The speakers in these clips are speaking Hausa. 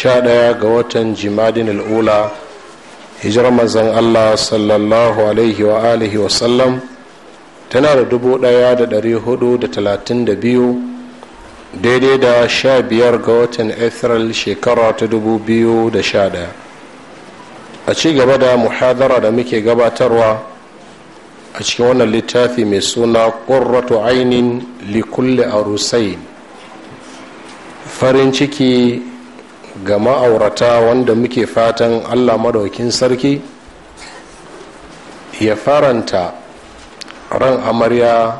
11 ga watan jimadin al'ula hijira manzan allah sallallahu alaihi wa alihi wa sallam tana da dubu ɗaya da dari hudu da talatin da biyu daidai da sha biyar ga watan ethereal shekara ta dubu biyu da sha ɗaya a ci gaba da muhadara da muke gabatarwa a cikin wannan littafi mai suna ƙurratu ainin a rusai. farin ciki ga ma'aurata wanda muke fatan allah madaukin sarki ya faranta ran amarya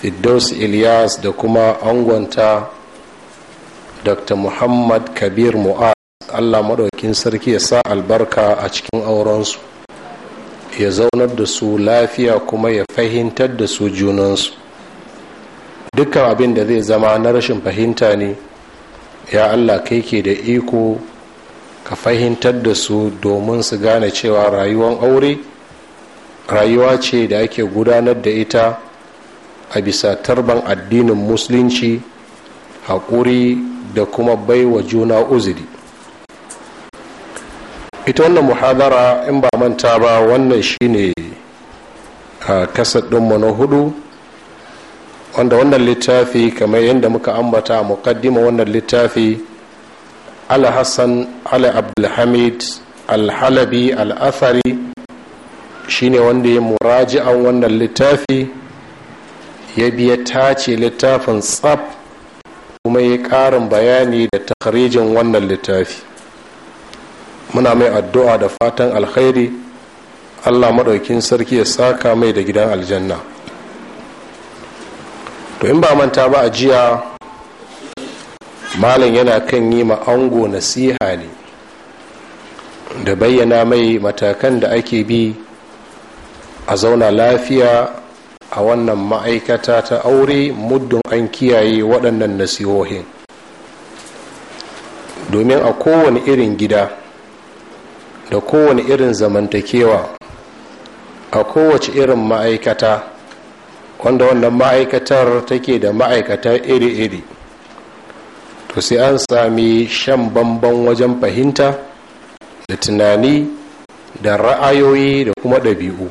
fiddaus ilyas da kuma angonta dr muhammad kabir mu'az allah madaukin sarki ya sa albarka a cikin aurensu ya zaunar da su lafiya kuma ya fahimtar da su junansu dukkan abin da zai zama na rashin fahimta ne ya allah kai ke da iko ka fahimtar da su domin su gane cewa rayuwar aure rayuwa ce da ake gudanar da ita a bisa tarban addinin musulunci haƙuri da kuma baiwa juna uzuri ita wannan muhadara in ba manta ba wannan shine a ah, kasar ɗinmu na hudu wanda wannan littafi kamar yadda muka ambata a mukaddima wannan littafi alhassan ala abdulhamid alhalabi al'athari shine wanda ya muraji'an wannan littafi ya biya tace littafin tsab kuma ya ƙarin bayani da takarijin wannan littafi muna mai addu'a da fatan alkhairi allah maɗaukin sarki ya saka mai da gidan aljanna to in ba manta ba a jiya malam yana kan yi ma ango nasiha ne da bayyana mai matakan da ake bi a zauna lafiya a wannan ma'aikata ta aure muddin an kiyaye waɗannan nasihohin domin a kowane irin gida da kowane irin zamantakewa a kowace irin ma'aikata wanda wannan ma'aikatar take da ma'aikata iri-iri to sai an sami shan bamban wajen fahimta da tunani da ra'ayoyi da kuma ɗabi'u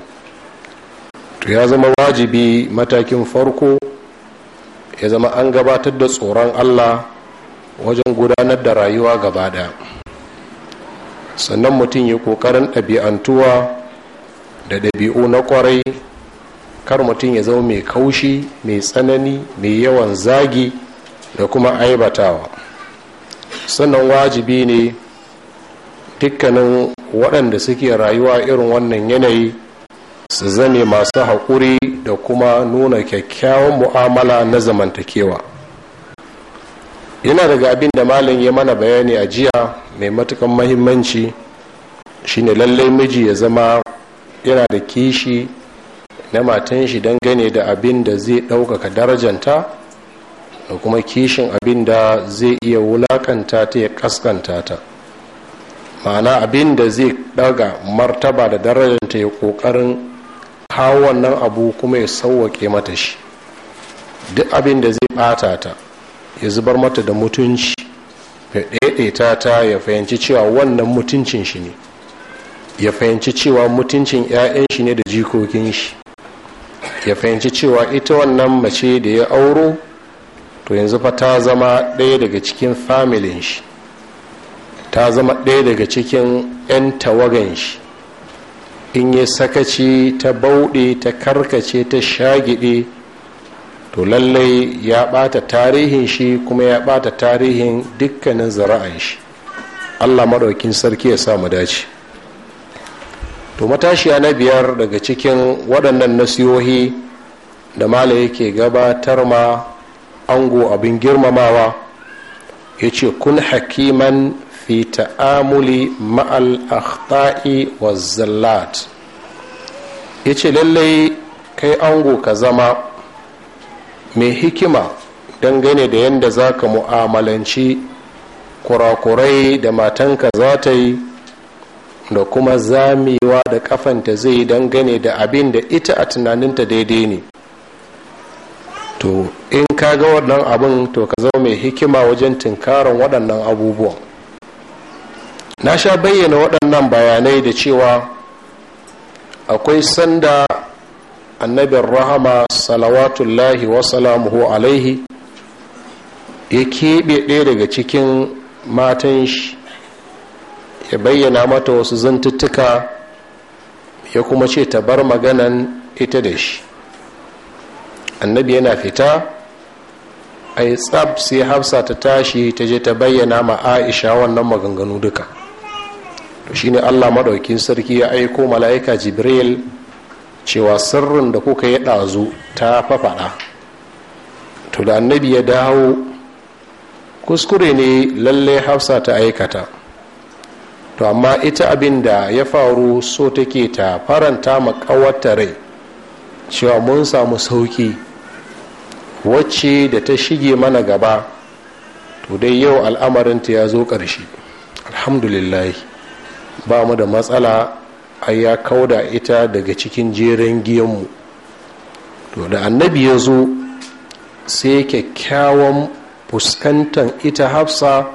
to ya zama wajibi matakin farko ya zama an gabatar da tsoron allah wajen gudanar da rayuwa gaba ɗaya sannan mutum ya ƙoƙarin ɗabi'antuwa da ɗabi'u na ƙwarai kar mutum ya zama mai kaushi mai tsanani mai yawan zagi da kuma aibatawa sannan wajibi ne dukkanin waɗanda suke rayuwa irin wannan yanayi su zane masu haƙuri da kuma nuna kyakkyawan mu'amala na zamantakewa yana daga abin da malin ya mana bayani a jiya mai matukan mahimmanci shine lallai miji ya zama yana da kishi na matan shi dangane da abin da zai ɗaukaka darajanta da kuma kishin abin da zai iya wulakanta ta ya kaskanta ta ma'ana abin da zai ɗaga martaba da darajanta ya ƙoƙarin kawo nan abu kuma ya sauwaƙe mata shi duk abin da zai ɓata ta ya zubar mata da mutunci ya ɗaiɗaita ta ya fahimci cewa wannan mutuncin shi ne ya fahimci cewa mutuncin 'ya'yan shi ne da jikokin shi ya fahimci cewa ita wannan mace da ya auro to yanzu fa ta zama ɗaya daga cikin familin shi ta zama ɗaya daga cikin 'yan tawagan shi in ya sakaci ta bauɗe ta karkace ta shagiɗe to lallai ya ɓata tarihin shi kuma ya ɓata tarihin dukkanin zara'an shi allah maɗaukin sarki ya samu dace to matashiya na biyar daga cikin waɗannan nasihohi da mala yake gabatar ma ango abin girmamawa ya ce kun hakiman fi ta'amuli ma'al akhta'i wa zallat ya ce lallai kai ango ka zama mai hikima dangane da yadda za ka mu'amalanci kurakurai da matanka za ta yi da kuma zamewa da kafanta zai yi dangane da abin da ita a tunaninta daidai ne to in ka ga waɗannan abin to ka zama mai hikima wajen tunkarar waɗannan abubuwan na sha bayyana waɗannan bayanai da cewa akwai sanda annabin rahama salawatullahi wasalamuhu alaihi ya keɓe ɗaya daga cikin matan shi ya bayyana mata wasu zantuttuka ya kuma ce ta bar maganan ita da shi annabi yana fita a yi tsab sai hafsa ta tashi ta je ta bayyana ma aisha wannan maganganu duka to shine allah maɗaukin sarki ya aiko mala'ika jibril cewa sirrin da kuka yi ɗazu ta fafaɗa to da annabi ya dawo kuskure ne lallai hafsa ta aikata to amma ita abin da ya faru so take ta faranta makawarta rai cewa mun samu sauki wacce da ta shige mana gaba to dai yau al'amarinta ya zo ƙarshe alhamdulillahi ba mu da matsala a ya kauda ita daga cikin jeren giyanmu to da annabi ya zo sai kyakkyawan fuskantar ita hafsa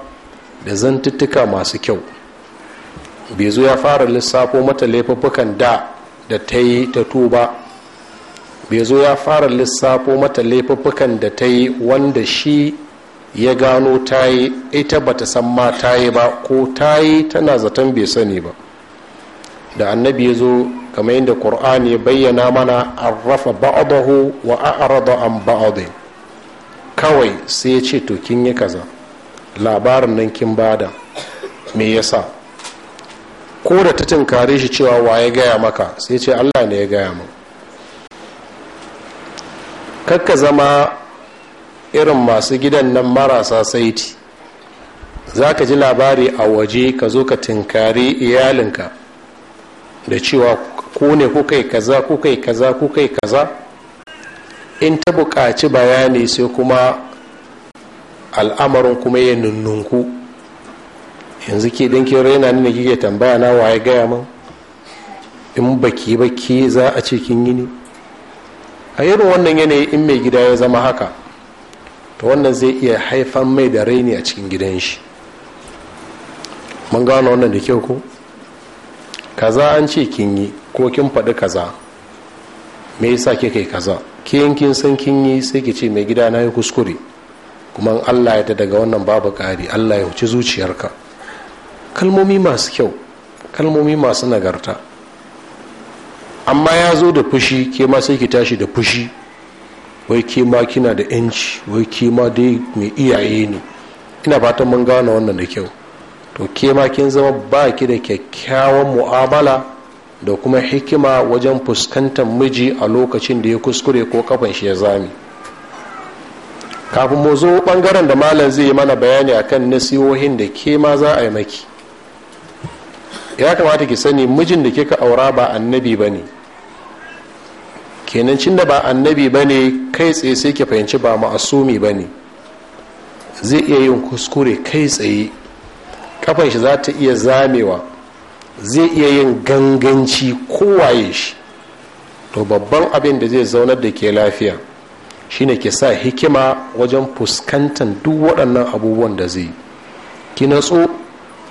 da zantuttuka masu kyau bai ya fara lissafo mata laifuffukan da da ta yi ta tuba bai zo ya fara lissafo mata laifuffukan da ta yi wanda shi ya gano ta yi ita ta san ma ta yi ba ko ta yi tana zaton bai sani ba da annabi ya zo kamar yadda qur'ani ya bayyana mana rafa ba'adahu wa a'rada an ba'adai kawai sai ya ce to kin yi kaza labarin nan kin bada me yasa ko da ta tunkare shi cewa wa ya gaya maka sai ce allah ne ya gaya mu kakka zama irin masu gidan nan marasa saiti za ka ji labari a waje ka zo ka tunkari iyalinka da cewa ko ne kuka kai kaza kukai kai kaza kukai kai kaza in ta buƙaci bayani sai kuma al'amarin kuma ya nunnunku yanzu ke don kin raina ni ne kike tambaya na waye gaya min in baki baki za a ce kin yi ne a irin wannan yanayi in mai gida ya zama haka to wannan zai iya haifan mai da raini a cikin gidan shi mun gano wannan da kyau ko kaza an ce kin yi ko kin faɗi kaza me yasa ke kai kaza ke kin san kin yi sai ki ce mai gida na yi kuskure kuma Allah ya ta daga wannan babu ƙari Allah ya huci zuciyarka kalmomi masu kyau kalmomi masu nagarta amma ya zo da fushi ke ma sai ki tashi da fushi wai ke ma kina da yanci wai ke ma dai mai iyaye ne ina fatan mun gane wannan da kyau to ke ma kin zama ba ki da kyakkyawan mu'amala da kuma hikima wajen fuskantar miji a lokacin da ya kuskure ko kafan shi ya zami kafin mu zo bangaren da malam zai yi mana bayani akan nasihohin da ke ma za a yi maki ya kamata ki sani mijin da kika aura ba annabi ba ne kenan cin da ba annabi ba ne kai tsaye sai ki fahimci ba ma'asumi ba ne zai iya yin kuskure kai tsaye kafan shi za ta iya zamewa zai iya yin ganganci kowaye shi to babban abin da zai zaunar da ke lafiya shine ke sa hikima wajen fuskantar duk waɗannan abubuwan da zai ki natsu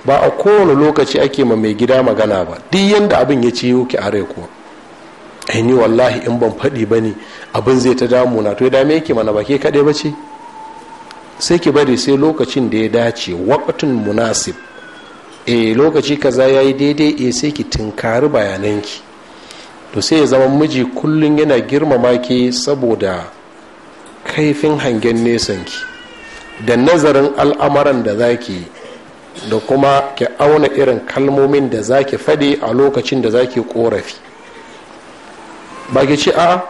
ba a kowane lokaci ake ma mai gida magana ba duk yadda abin ya ciyo ki are kuwa ainihi eh, wallahi in ban faɗi ba ne abin zai ta damu na to ya dame yake mana ba ke kaɗai ba ce sai ki bari sai lokacin da ya dace waƙatun munasib e lokaci kaza ya yi daidai e sai ki tunkari bayananki to sai ya zama miji kullum yana girmama ki saboda kaifin hangen nesanki da nazarin al'amuran da za ki yi da kuma ki auna irin kalmomin da za ki faɗi a lokacin da za ki ƙorafi ba ki ce a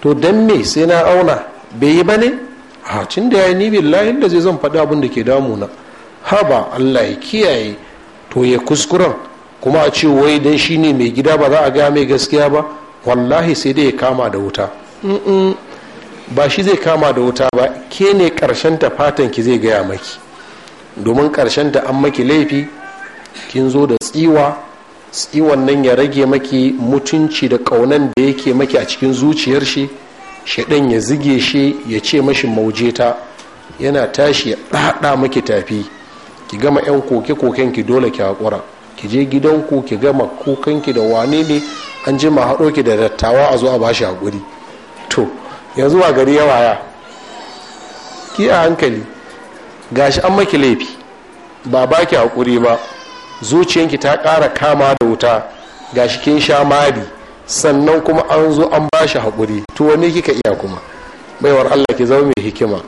to don me sai na auna bai yi ba ne a cin da ya yi ni layin da zai zan faɗi abin da ke damuna ba allah ya kiyaye to ya kuskuren kuma a ce wai don shi ne mai gida ba za a gaya mai gaskiya ba wallahi sai dai ya kama da wuta ba shi zai kama da wuta ba ke ne ƙarshen ta fatan ki zai gaya maki domin ƙarshen ta an maki laifi kin zo da tsiwa tsiwan nan ya rage maki mutunci da ƙaunan da yake maki a cikin zuciyar shi shaɗan ya zige shi ya ce mashi mauje ta yana tashi ya ɗaɗa maki tafi ki gama 'yan koke-koken ki dole ki haƙura ki je gidanku ki gama ki da wane ne an ji ma haɗo ki da dattawa a zo a bashi haƙuri to yanzu a gari yawa ya ki a hankali gashi an maki laifi ba ba ki haƙuri ba zuciyanki ta kara kama da wuta gashi kin sha mari sannan kuma an zo an ba shi haƙuri to wani kika iya kuma baiwar allah ki zama mai hikima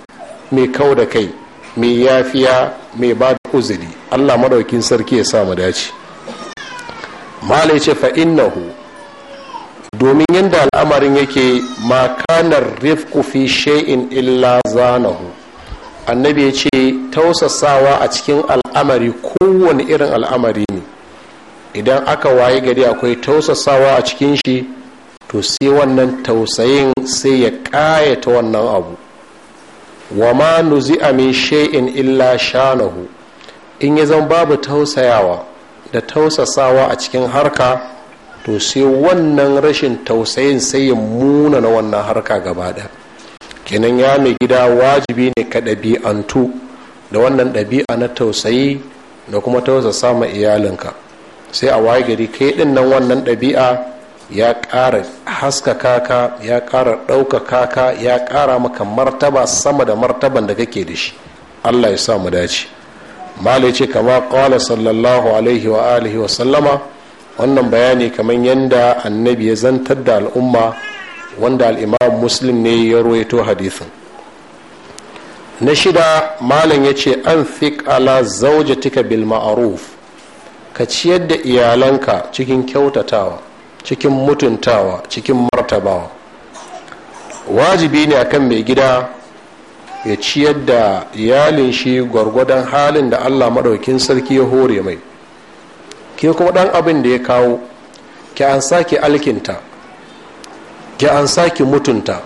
mai kau da kai mai yafiya mai ba da uzuri allah madaukin sarki ya sa mu dace malai ce fa innahu domin yadda al'amarin yake makanar rifku fi shay'in illa zanahu annabi ya ce tausasawa a cikin al'amari kowane irin al'amari ne idan aka waye gari akwai tausasawa a cikin shi to sai wannan tausayin sai ya ƙayata wannan abu wa ma nuzi'a min shay'in illa shanahu in ya zan babu tausayawa da tausasawa a cikin harka to sai wannan rashin tausayin sai ya muna na wannan harka gaba ɗaya kenan ya mai gida wajibi ne ka ɗabi'antu da wannan ɗabi'a na tausayi da kuma tausasa ma iyalinka sai a waye gari kai ɗin nan wannan ɗabi'a ya ƙara haska kaka ya ƙara ɗauka kaka ya ƙara maka martaba sama da martaban da kake da shi allah ya sa mu dace malai ce kama ƙwala sallallahu alaihi wa alihi wa sallama wannan bayani kamar yadda annabi ya zantar da al'umma wanda al'imam muslim ne ya ruwaito hadisin na shida malam ya ce an ala tika bil ma'aruf ka ciyar da iyalanka cikin kyautatawa cikin mutuntawa cikin martabawa wajibi ne akan mai gida ya ciyar da iyalin shi gwargwadon halin da allah maɗaukin sarki ya hore mai ke kuma ɗan abin da ya kawo ki an sake alkinta ki an saki mutunta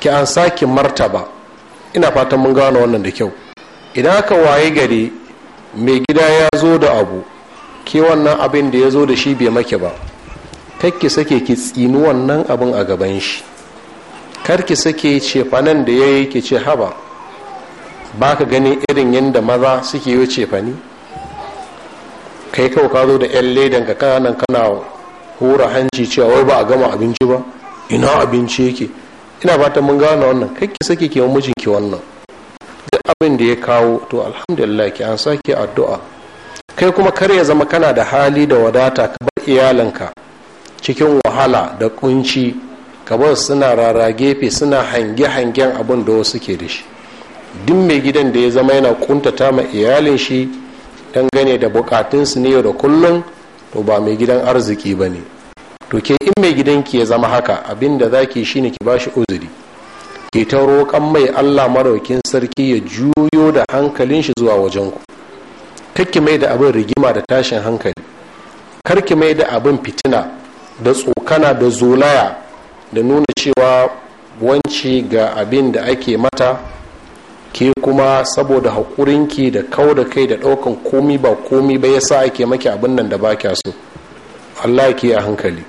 ki an saki martaba ina fatan mun gane wannan da kyau idan aka waye gari mai gida ya zo da abu ke wannan abin da ya zo da shi bai make ba kar ki sake ki tsini wannan abin a gaban shi kar ki sake cefanen da ya yi ki ce haba ba ka ganin irin yadda maza suke yi cefani kai kawai ka zo da yan ledan ka kanan kana hura hanci cewa wai ba a gama abinci ba ina abinci yake ina fatan mun gane wannan kai ki sake ke mijin ki wannan duk abin da ya kawo to alhamdulillah ki an sake addu'a kai kuma kar ya zama kana da hali da wadata ka bar iyalanka cikin wahala da kunci ka suna rara gefe suna hange hangen abin da wasu ke da shi duk mai gidan da ya zama yana kuntata ma iyalin shi dangane da bukatunsu ne yau da kullum to ba mai gidan arziki ba ne to ke in mai gidanki ya zama haka abinda za ki shine ki ba shi uzuri ke ta roƙon mai allah maraukin sarki ya juyo da hankalin shi zuwa wajen ku kakki mai da abin rigima da tashin hankali karki mai da abin fitina da tsokana da zolaya da nuna cewa wanci ga abin da ake mata ke kuma saboda haƙurinki da kau da kai da ɗaukan komi ba komi ba yasa ake maki abin nan da ba kya so allah ke a hankali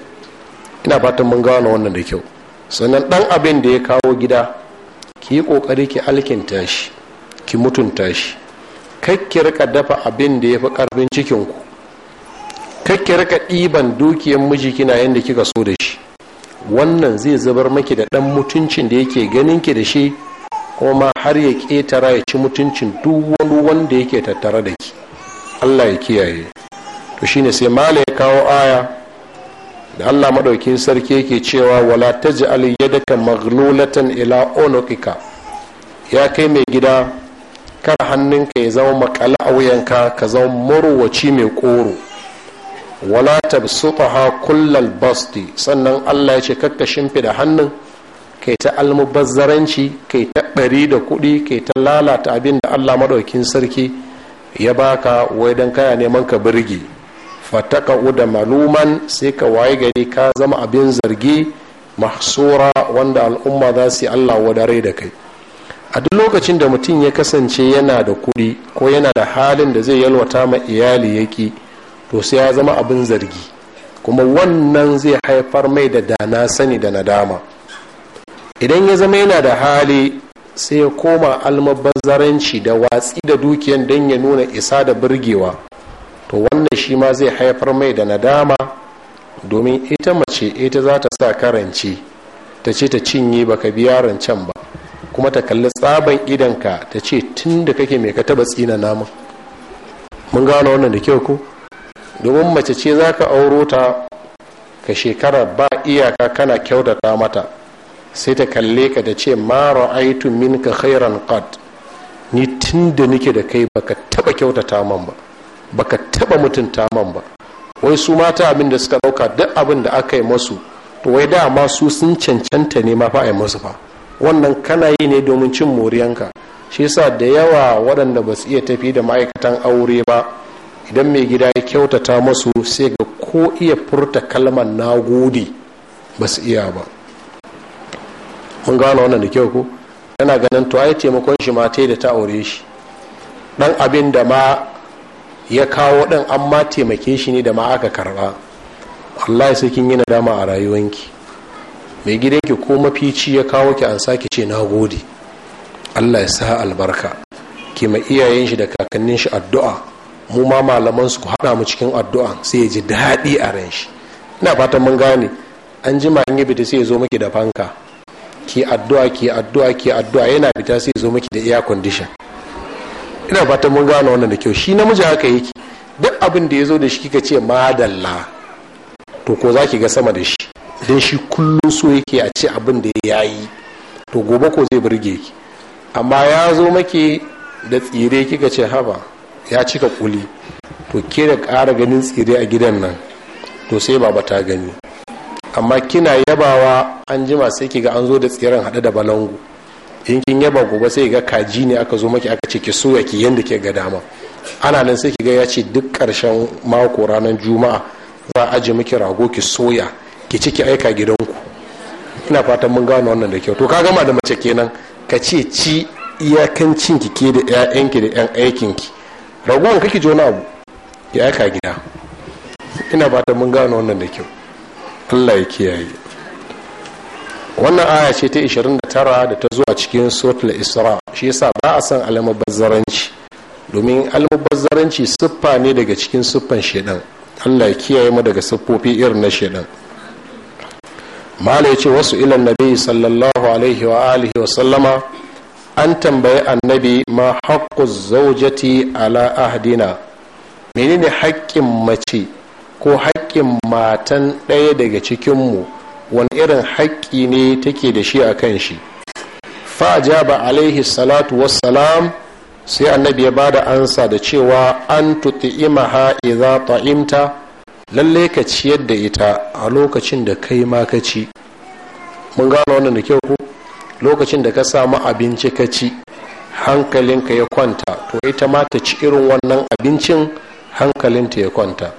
ina fatan mun gano wannan da kyau sannan dan abin da ya kawo gida ki yi kokari ki alkinta shi ki mutunta shi ki rika dafa abin da ya fi karfin cikinku ki rika ɗiban dukiyar miji kina yadda kika so da shi wannan zai zubar maki da dan mutuncin da yake ganin ki da shi kuma har ya ƙetara ya ci mutuncin duk wani wanda yake tattare da ki allah ya kiyaye to shine sai mala ya kawo aya da allah maɗaukin sarki yake cewa wala ta ji yadaka maglulatan ila onokika ya kai mai gida kar hannunka ya zama makala a wuyanka ka zama murwaci mai koro wala ha kullal basti sannan allah ya ce kakka shimfida hannun kai ta almubazzaranci kai ta ɓari da kuɗi kai ta lalata abin da allah maɗaukin sarki ya baka wai don kaya neman ka birgi fataka uda maluman sai ka waye gari ka zama abin zargi mahsura wanda al'umma za su yi allah wadare da kai a duk lokacin da mutum ya kasance yana da kuɗi ko yana da halin da zai yalwata ma iyali yaki to sai ya zama abin zargi kuma wannan zai haifar mai da dana sani da nadama idan ya zama yana da hali sai ya koma almabazzaranci da watsi da dukiyan don ya nuna isa da birgewa to wannan shi ma zai haifar mai da nadama domin ita mace ita za ta sa karance ta ce ta cinye baka biya rancen ba kuma ta kalli tsaban idanka ta ce tun da kake mai ka taba tsina namun mun gano wannan da kyau ku domin mace ce za ka auro ta ka shekara ba iyaka kana kyautata mata sai ta kalle ka da ce aitu min ka khairan qad ni tun da nike da kai baka taba kyautata man ba baka taba mutunta man ba wai su mata abin da suka dauka duk abin da aka yi masu to wai dama su sun cancanta ne ma fa a yi masu fa wannan kana yi ne domin cin moriyanka shi yasa da yawa waɗanda ba su iya tafi da ma'aikatan aure ba idan mai gida ya kyautata masu sai ga ko iya furta kalmar na gode ba su iya ba mun gano wannan da kyau ko yana ganin to ai taimakon shi matai da ta aure shi dan abin da ma ya kawo ɗin amma taimake shi ne da ma aka karɓa wallahi sai kin yi nadama a rayuwanki mai gidanki ko mafici ya kawo ki an sake ce na gode allah ya sa albarka ki ma iyayen shi da kakannin shi addu'a mu ma malaman su ku haɗa mu cikin addu'a sai ya ji daɗi a ran shi ina fatan mun gane an jima in yi bita sai ya zo miki da fanka ki addu'a ki addu'a ki addu'a yana bita sai ya zo miki da air condition ina fatan mun gane wannan da kyau shi namiji haka yake duk abin da ya zo da shi kika ce madalla to ko za ki ga sama da shi don shi kullum so yake a ce abin da ya yi to gobe ko zai burge ki amma ya zo maki da tsire kika ce haba ya cika kuli to ke da ƙara ganin tsire a gidan nan to sai baba ta gani amma kina yabawa an jima sai kiga an zo da tsiren haɗe da balangu in kin yaba gobe sai ga kaji ne aka zo maki aka ce ki soya ki yanda ke ga dama ana nan sai ki ga ya ce duk karshen mako ranar juma'a za a aje miki rago ki soya ki ci ki aika gidanku ina fatan mun gano wannan da kyau to ka gama da mace kenan ka ce ci iyakancin ki ke da 'ya'yanki da 'yan aikinki ragowar kake ji wani abu ya aika gida ina fatan mun gano wannan da kyau allah ya kiyaye wannan aya ce ta 29 da ta zuwa cikin suratul isra shi yasa ba a san almubazzaranci domin almubazzaranci siffa ne daga cikin siffan shaidan Allah ya kiyaye mu daga siffofi irin na shaidan malai ya ce wasu ilan nabi sallallahu alaihi wa alihi wa sallama an tambayi annabi ma haƙƙu zaujati ala ahdina menene haƙƙin mace ko haƙƙin matan ɗaya daga cikinmu wani irin haƙƙi ne take da shi a kan shi ja ba alaihi salatu wassalam sai annabi ya ba da ansa da cewa an tuti'imaha idza ta'imta lalle ka ciyar da ita a lokacin da kai ma ka ci mun gano wannan da kyau ko lokacin da ka samu abinci ka ci hankalinka ya kwanta to ita ma ta ci irin wannan abincin hankalinta ya kwanta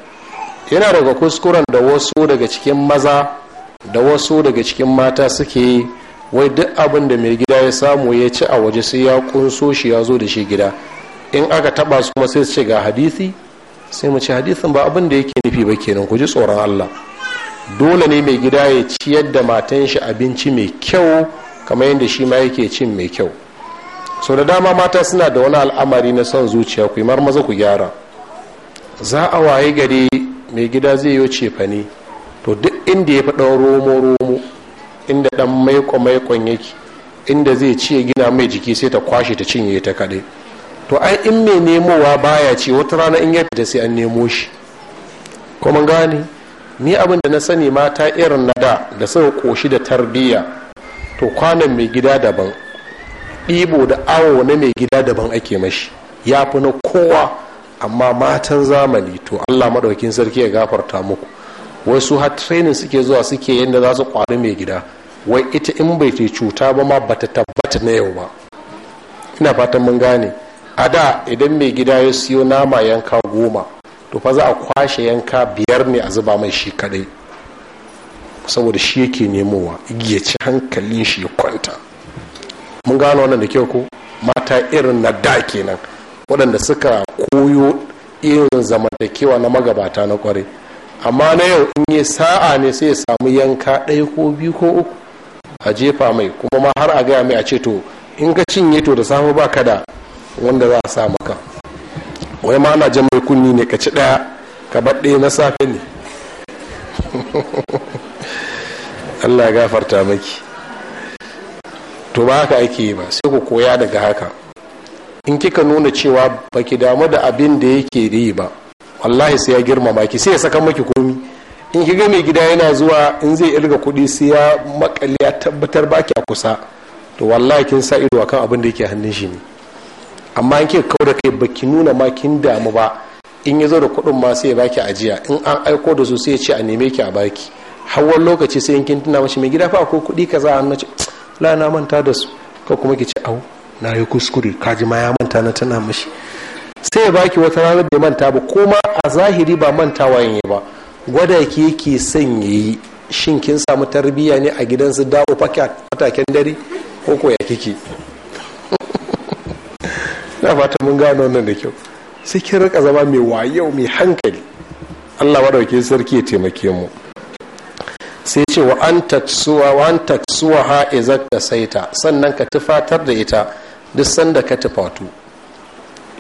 yana daga kuskuren da wasu daga cikin maza da wasu daga cikin mata suke yi wai duk abin da mai gida ya samu ya ci a waje sai ya kunso shi ya zo da shi gida in aka taba su kuma sai su ce ga hadisi sai mu ci hadisin ba abin da yake nufi ba kenan ku ji tsoron Allah dole ne mai gida ya ciyar da matan shi abinci mai kyau kamar yadda shi ma yake cin mai kyau sau da dama mata suna da wani al'amari na son zuciya ku mar maza ku gyara za a waye gari mai gida zai yi cefane to duk inda ya fi romo-romo inda ɗan maiko-maikon yake inda zai ciye gina mai jiki sai ta kwashe ta cinye ta kaɗai to ai in mai nemowa baya ce wata rana in ya fita sai an nemo shi kuma gane ni abin da na sani mata irin na da da suka koshi da tarbiyya to kwanan mai gida daban ɗibo da awo na mai gida daban ake mashi ya fi na kowa amma matan zamani to allah maɗaukin sarki ya gafarta muku wai su har training suke zuwa suke yadda za su kwari mai gida wai ita in bai ke cuta ba ma bata tabbata na yau ba ina fatan mun gane a da idan mai gida ya siyo nama yanka goma to fa za a kwashe yanka biyar ne a zuba mai shi kadai saboda shi yake nemowa ya ci hankalin shi ya kwanta mun gano wannan da kyau ko mata irin na da kenan waɗanda suka koyo irin zamantakewa na magabata na kwarai amma na yau in yi sa'a ne sai ya samu yanka ɗaya ko biyu ko uku a jefa mai kuma ma har a gaya mai a ce to in ka cinye to da safe ba da wanda za a sa maka wai ma ana jan mai kunni ne ka ci ɗaya ka bar ɗaya na safe ne allah ya gafarta maki to ba haka ake yi ba sai ku koya daga haka in kika nuna cewa baki damu da abin da yake yi ba wallahi sai ya girmama ki sai ya saka maki komi in ki mai gida yana zuwa in zai irga kuɗi sai ya makale ya tabbatar baki a kusa to wallahi kin sa ido akan abin da yake hannun shi ne amma in kika kauda kai baki nuna ma kin damu ba in ya zo da kuɗin ma sai ya baki ajiya in an aiko da su sai ya ce a neme ki a baki hawan lokaci sai in kin tuna mashi mai gida fa ko kuɗi kaza a nace la na manta da su ka kuma ki ce au na yi kuskure kaji ma ya manta na tana mashi sai ya baki wata ranar bai manta ba kuma a zahiri ba mantawa yin ba gwada ki yake son yi shin kin samu tarbiyya ne a gidansu dawo fataken dare ko ko ya kike na fata mun gano nan da kyau sai kin rika zama mai wayo mai hankali Allah madauki sarki ya taimake mu sai ce wa an tatsuwa wa an tatsuwa ha saita sannan ka tufatar da ita duk sanda ka tufatu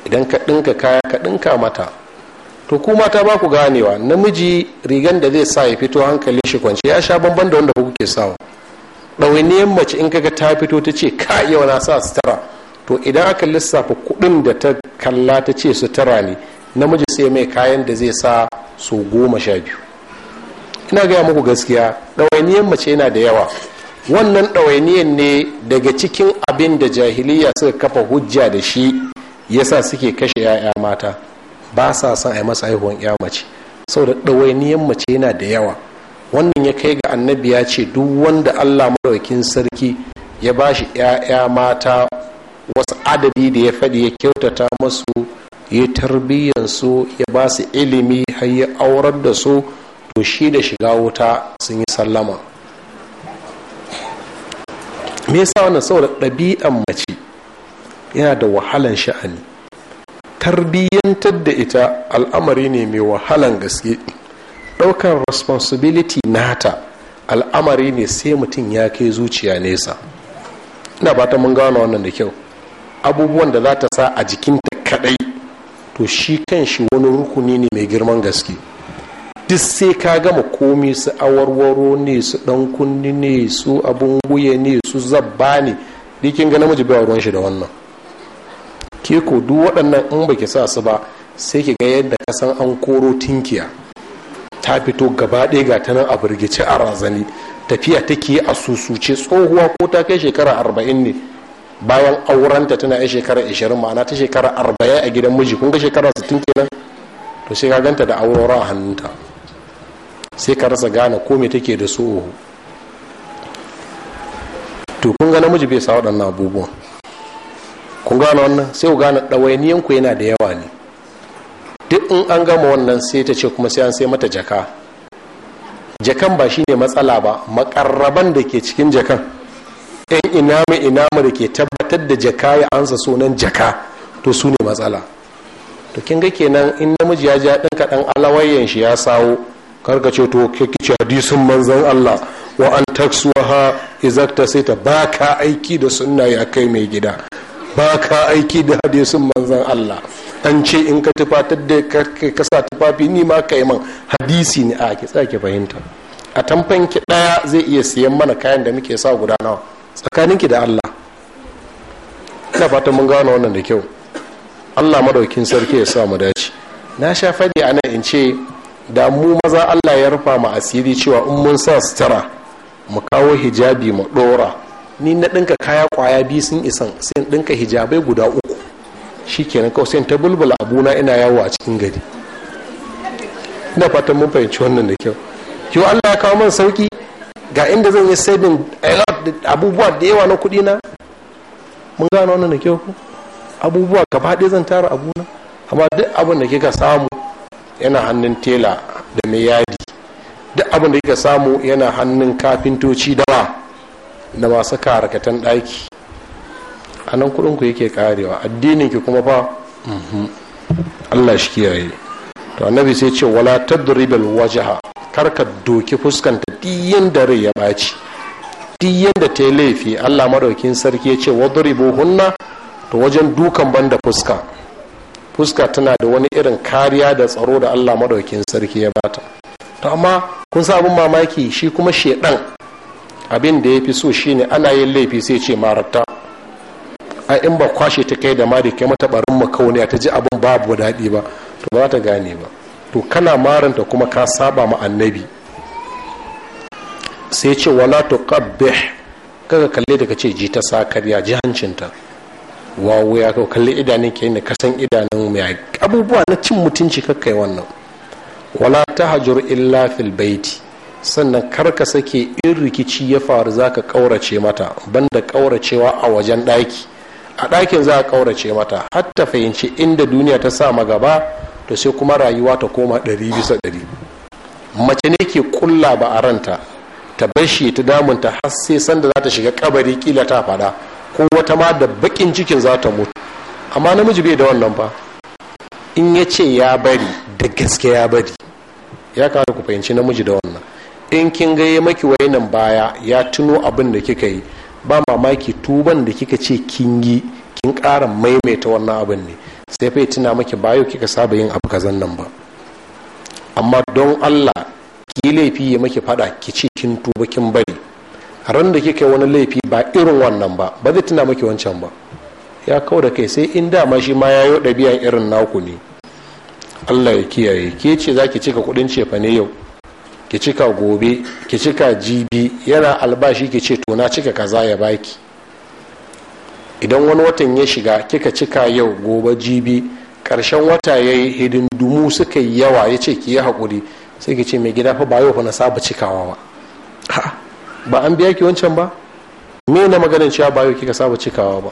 idan ka ɗinka kaya ka ɗinka mata to ku mata ba ku ganewa namiji rigan da zai sa ya fito hankali shi kwanci ya sha bamban da wanda kuke sawa ɗawainiyar mace in kaga ta fito ta ce ka yau na sa sutura to idan aka lissafa kuɗin da ta kalla ta ce sutura ne namiji sai mai kayan da zai sa su goma sha biyu ina gaya muku gaskiya ɗawainiyar mace yana da yawa wannan ɗawainiyar ne daga cikin abin da jahiliya suka kafa hujja da shi yasa suke kashe 'ya'ya mata ba sa son a yi masa haihuwan 'ya mace saboda ɗawainiyan mace yana da yawa wannan ya kai ga annabi ya ce duk wanda allah maɗaukin sarki ya ba shi 'ya'ya mata wasu adadi da ya faɗi ya kyautata masu ya tarbiyyansu ya ba su ilimi har ya aurar da su to shi da shiga wuta sun yi sallama me yasa wannan saboda ɗabi'an mace yana da wahalan sha'ani tarbiyyantar da ita al'amari ne mai wahalan gaske ɗaukar responsibility nata al'amari ne sai mutum ya kai zuciya nesa ina ba ta mun gano wannan da kyau abubuwan da za ta sa a jikinta kadai to shi kan shi wani rukuni ne mai girman gaske duk sai ka gama komi su awarwaro ne su dan kunni ne su abun wuya ne su zabba ne dikin ga namiji bai ruwan shi da wannan ke ko duk waɗannan in baki sa su ba sai ki ga yadda ka san an koro tinkiya ta fito gaba ɗaya ga ta nan a birgice a razani tafiya take a susuce tsohuwa ko ta kai shekara arba'in ne bayan aurenta tana yan shekara ashirin ma'ana ta shekara arba'in a gidan miji kun ga shekara sittin kenan to sai ka ganta da aurora a hannunta sai ka rasa gane ko me take da so to kun ga namiji bai sa waɗannan abubuwan kun gane wannan sai ku gane ɗawainiyan ku yana da yawa ne duk in an gama wannan sai ta ce kuma sai an sai mata jaka jakan ba shine matsala ba makarraban da ke cikin jakan yan inama inama da ke tabbatar da jaka ya ansa sunan jaka to su ne matsala to kin ga kenan in namiji ya ja ɗinka ɗan alawayen shi ya sawo karka ce to ce hadisin manzon Allah wa an taksuha izakta sai ta baka aiki da sunna ya kai mai gida ba ka aiki da hadisin manzan Allah an ce in ka tufatar da ka sa tufafi ni ma ka yi man hadisi ne a ki tsaki fahimta a tamfan ki zai iya siyan mana kayan da muke sa guda nawa tsakanin ki da Allah ina fatan mun gano wannan da kyau Allah madaukin sarki ya sa mu dace na sha fadi a nan in ce da mu maza Allah ya rufa mu asiri cewa in mun sa sutura mu kawo hijabi mu dora ni na ɗinka kaya kwaya biyu sun isan sai ɗinka hijabai guda uku shi kenan kawai sai ta bulbula abuna ina yawo a cikin gari ina fatan mun fahimci wannan da kyau yau allah ya kawo man sauki ga inda zan yi saving a lot abubuwa da yawa na kuɗi na mun gano wannan da kyau ku abubuwa gaba ɗaya zan tara abuna amma duk abin da kika samu yana hannun tela da mai yadi duk abin da kika samu yana hannun kafintoci dawa da masu karakatan ɗaki a nan ku yake karewa addinin ki kuma fa mhm, allah shi kiyaye to annabi sai ce wala tadribal wajaha kar ka doki fuskanta diyan da rai ya baci diyan da ta laifi allah maɗaukin sarki ya ce wadribu hunna to wajen dukan banda fuska fuska tana da wani irin kariya da tsaro da allah maɗaukin sarki ya bata to amma kun sa abin mamaki shi kuma shedan abin da ya fi so shine ana yin laifi sai ce marata a in ba kwashe ta kai da ma da ke mata barin makauniya ta ji abin babu daɗi ba to ba ta gane ba to kana maranta kuma ka saba ma annabi sai ce wala to kabbe kaga kalle daga ce ji ta sa karya ji hancinta wawo ya kawo kalle idanun ke ka san idanun mai abubuwa na cin mutunci kakkai wannan wala ta hajjur illa fil baiti sannan karka sake in rikici ya faru za ka ƙaurace mata banda ƙauracewa a wajen ɗaki a ɗakin za a ƙaurace mata hatta fahimci inda duniya ta sa gaba to sai kuma rayuwa ta koma ɗari bisa ɗari mace ne ke kulla ba a ranta ta bashi ta damunta har sai sanda za ta shiga kabari kila ta faɗa ko wata ma da baƙin cikin za ta mutu amma namiji bai da wannan ba in ya ce ya bari da gaske ya bari ya kawo ku fahimci namiji da wannan in kin ga maki wayanan baya ya tuno abin da kika yi ba mamaki tuban da kika ce kin yi kin ƙara maimaita wannan abin ne sai fai tuna maki bayo kika saba yin abu kazan nan ba amma don Allah ki laifi ya maki fada ki ce kin tuba kin bari ran da kika yi wani laifi ba irin wannan ba ba zai tuna maki wancan ba ya kau da kai sai in dama shi ma ya yayo ɗabi'an irin naku ne Allah ya kiyaye ke ce za ki cika kuɗin cefane yau ki cika gobe ki cika jibi yana albashi ki ce tona na cika kaza ya baki idan wani watan ya shiga kika cika yau gobe jibi karshen wata ya yi hidin dumu suka yi yawa ya ce ki yi haƙuri sai ki ce mai gida fa ba yau na saba cikawa ba ba an biya ki wancan ba me na maganin cewa ba kika saba cikawa ba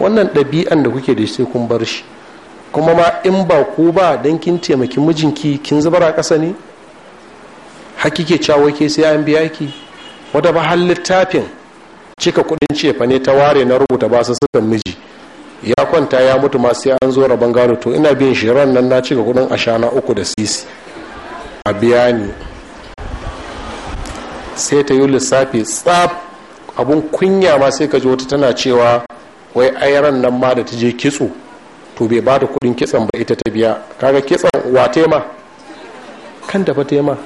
wannan ɗabi'an da kuke da shi kun bar shi kuma ma in ba ku ba don kin taimaki mijinki kin zubar a ƙasa ne hakike cewa ke sai an biya ki wata ba har littafin cika kudin cefa ne ta ware na rubuta ba su suka miji ya kwanta ya mutu ma sai an zo rabon gano to ina biyan shi ran nan na cika kudin ashana uku da sisi a biya ni sai ta yi lissafi tsaf abun kunya ma sai ka ji wata tana cewa wai ai ran nan ma da ta je kitso to bai ba da kudin kitson ba ita ta biya kaga kitson wa tema kan da fa tema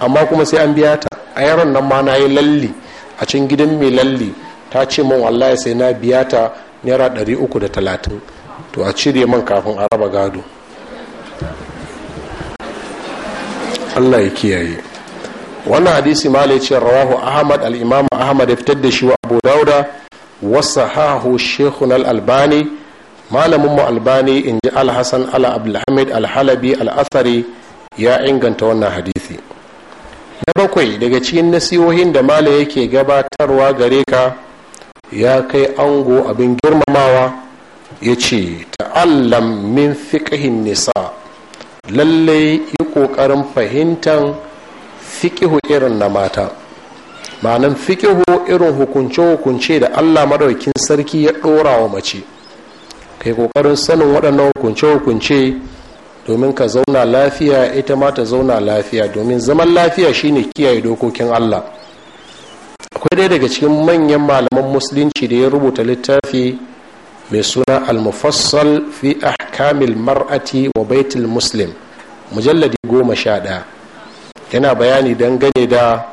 amma kuma sai an biya ta a yaron nan ma na yi lalli a cikin gidan mai lalli ta ce min wallahi sai na biya ta naira ɗari uku da talatin to a cire man kafin a raba gado allah ya kiyaye wannan hadisi mala ya ce rawahu ahmad al-imam ahmad ya fitar da shi wa abu dauda wasa hahu shekun al-albani malamin mu albani in ji al-hassan ala abdulhamid al-halabi al-athari ya inganta wannan hadisi na bakwai daga cikin nasihohin da mala yake gabatarwa gare ka ya kai ango abin girmamawa ya ce ta'allam min fiƙihin nisa lallai yi ƙoƙarin fahimtar fiƙihu irin na mata ma'anan fiƙihu irin hukunce-hukunce da allah maɗaukin sarki ya ɗora wa mace kai ƙoƙarin sanin waɗannan hukunce-hukunce domin ka zauna lafiya ita ma ta zauna lafiya domin zaman lafiya shine kiyaye dokokin Allah akwai ɗaya daga cikin manyan malaman musulunci da ya rubuta littafi mai suna al-mufassal fi ahkamil mar'ati wa baitul muslim mujalladi goma sha ɗaya yana bayani dangane da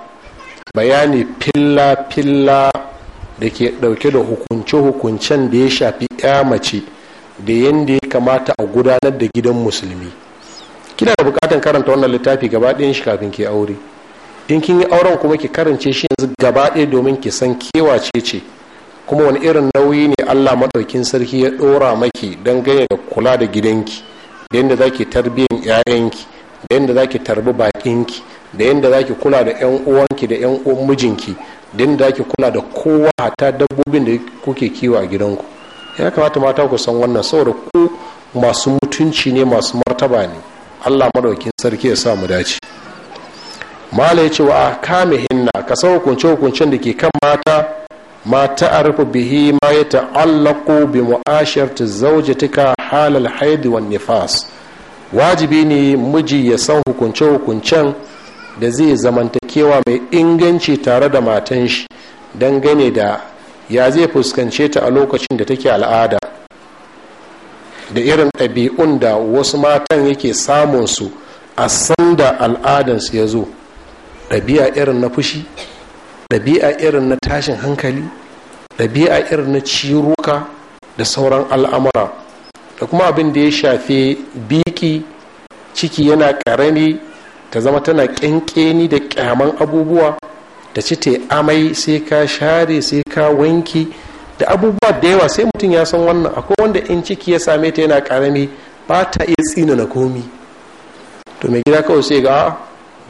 bayani filla-filla da ke ɗauke da hukunce-hukuncen da ya shafi ya mace da yadda ya kamata a gudanar da gidan musulmi kina da bukatan karanta wannan littafi gaba ɗayan shi kafin ke aure in kin yi auren kuma ki karance shi yanzu gaba ɗaya domin ki san kewace ce kuma wani irin nauyi ne allah maɗaukin sarki ya ɗora maki don gane da kula da gidanki da yadda za ki tarbiyyar 'ya'yanki da yadda za ki tarbi baƙinki da yadda za ki kula da 'yan uwanki da 'yan mijinki da yadda za ki kula da kowa hata dabbobin da kuke kiwo a gidanku ya kamata mata ku san wannan saboda ku masu mutunci ne masu martaba ne allah maɗaukin sarki ya sa mu dace mala ya ce wa kame hinna ka san hukunce hukuncen da ke kan mata ma rufe bihi ma ya ta'allaku bi zauje tuka halal haidu wa nifas wajibi ne miji ya san hukunce hukuncen da zai zamantakewa mai inganci tare da matan shi dangane da ya zai fuskance ta a lokacin da take al'ada da irin ɗabi'un da wasu matan yake samunsu a sanda al'adansu ya zo ɗabi'a irin na fushi ɗabi'a irin na tashin hankali ɗabi'a irin na ciruka da sauran al'amura da kuma abin da ya shafe biki ciki yana ƙarami ta zama tana ƙyanƙeni da ƙyaman abubuwa da ci ta amai sai ka share sai ka wanki da abubuwa da yawa sai mutum ya san wannan akwai wanda in ciki ya same ta yana karami ba ta iya tsina na komi to mai gida kawai sai ga ah,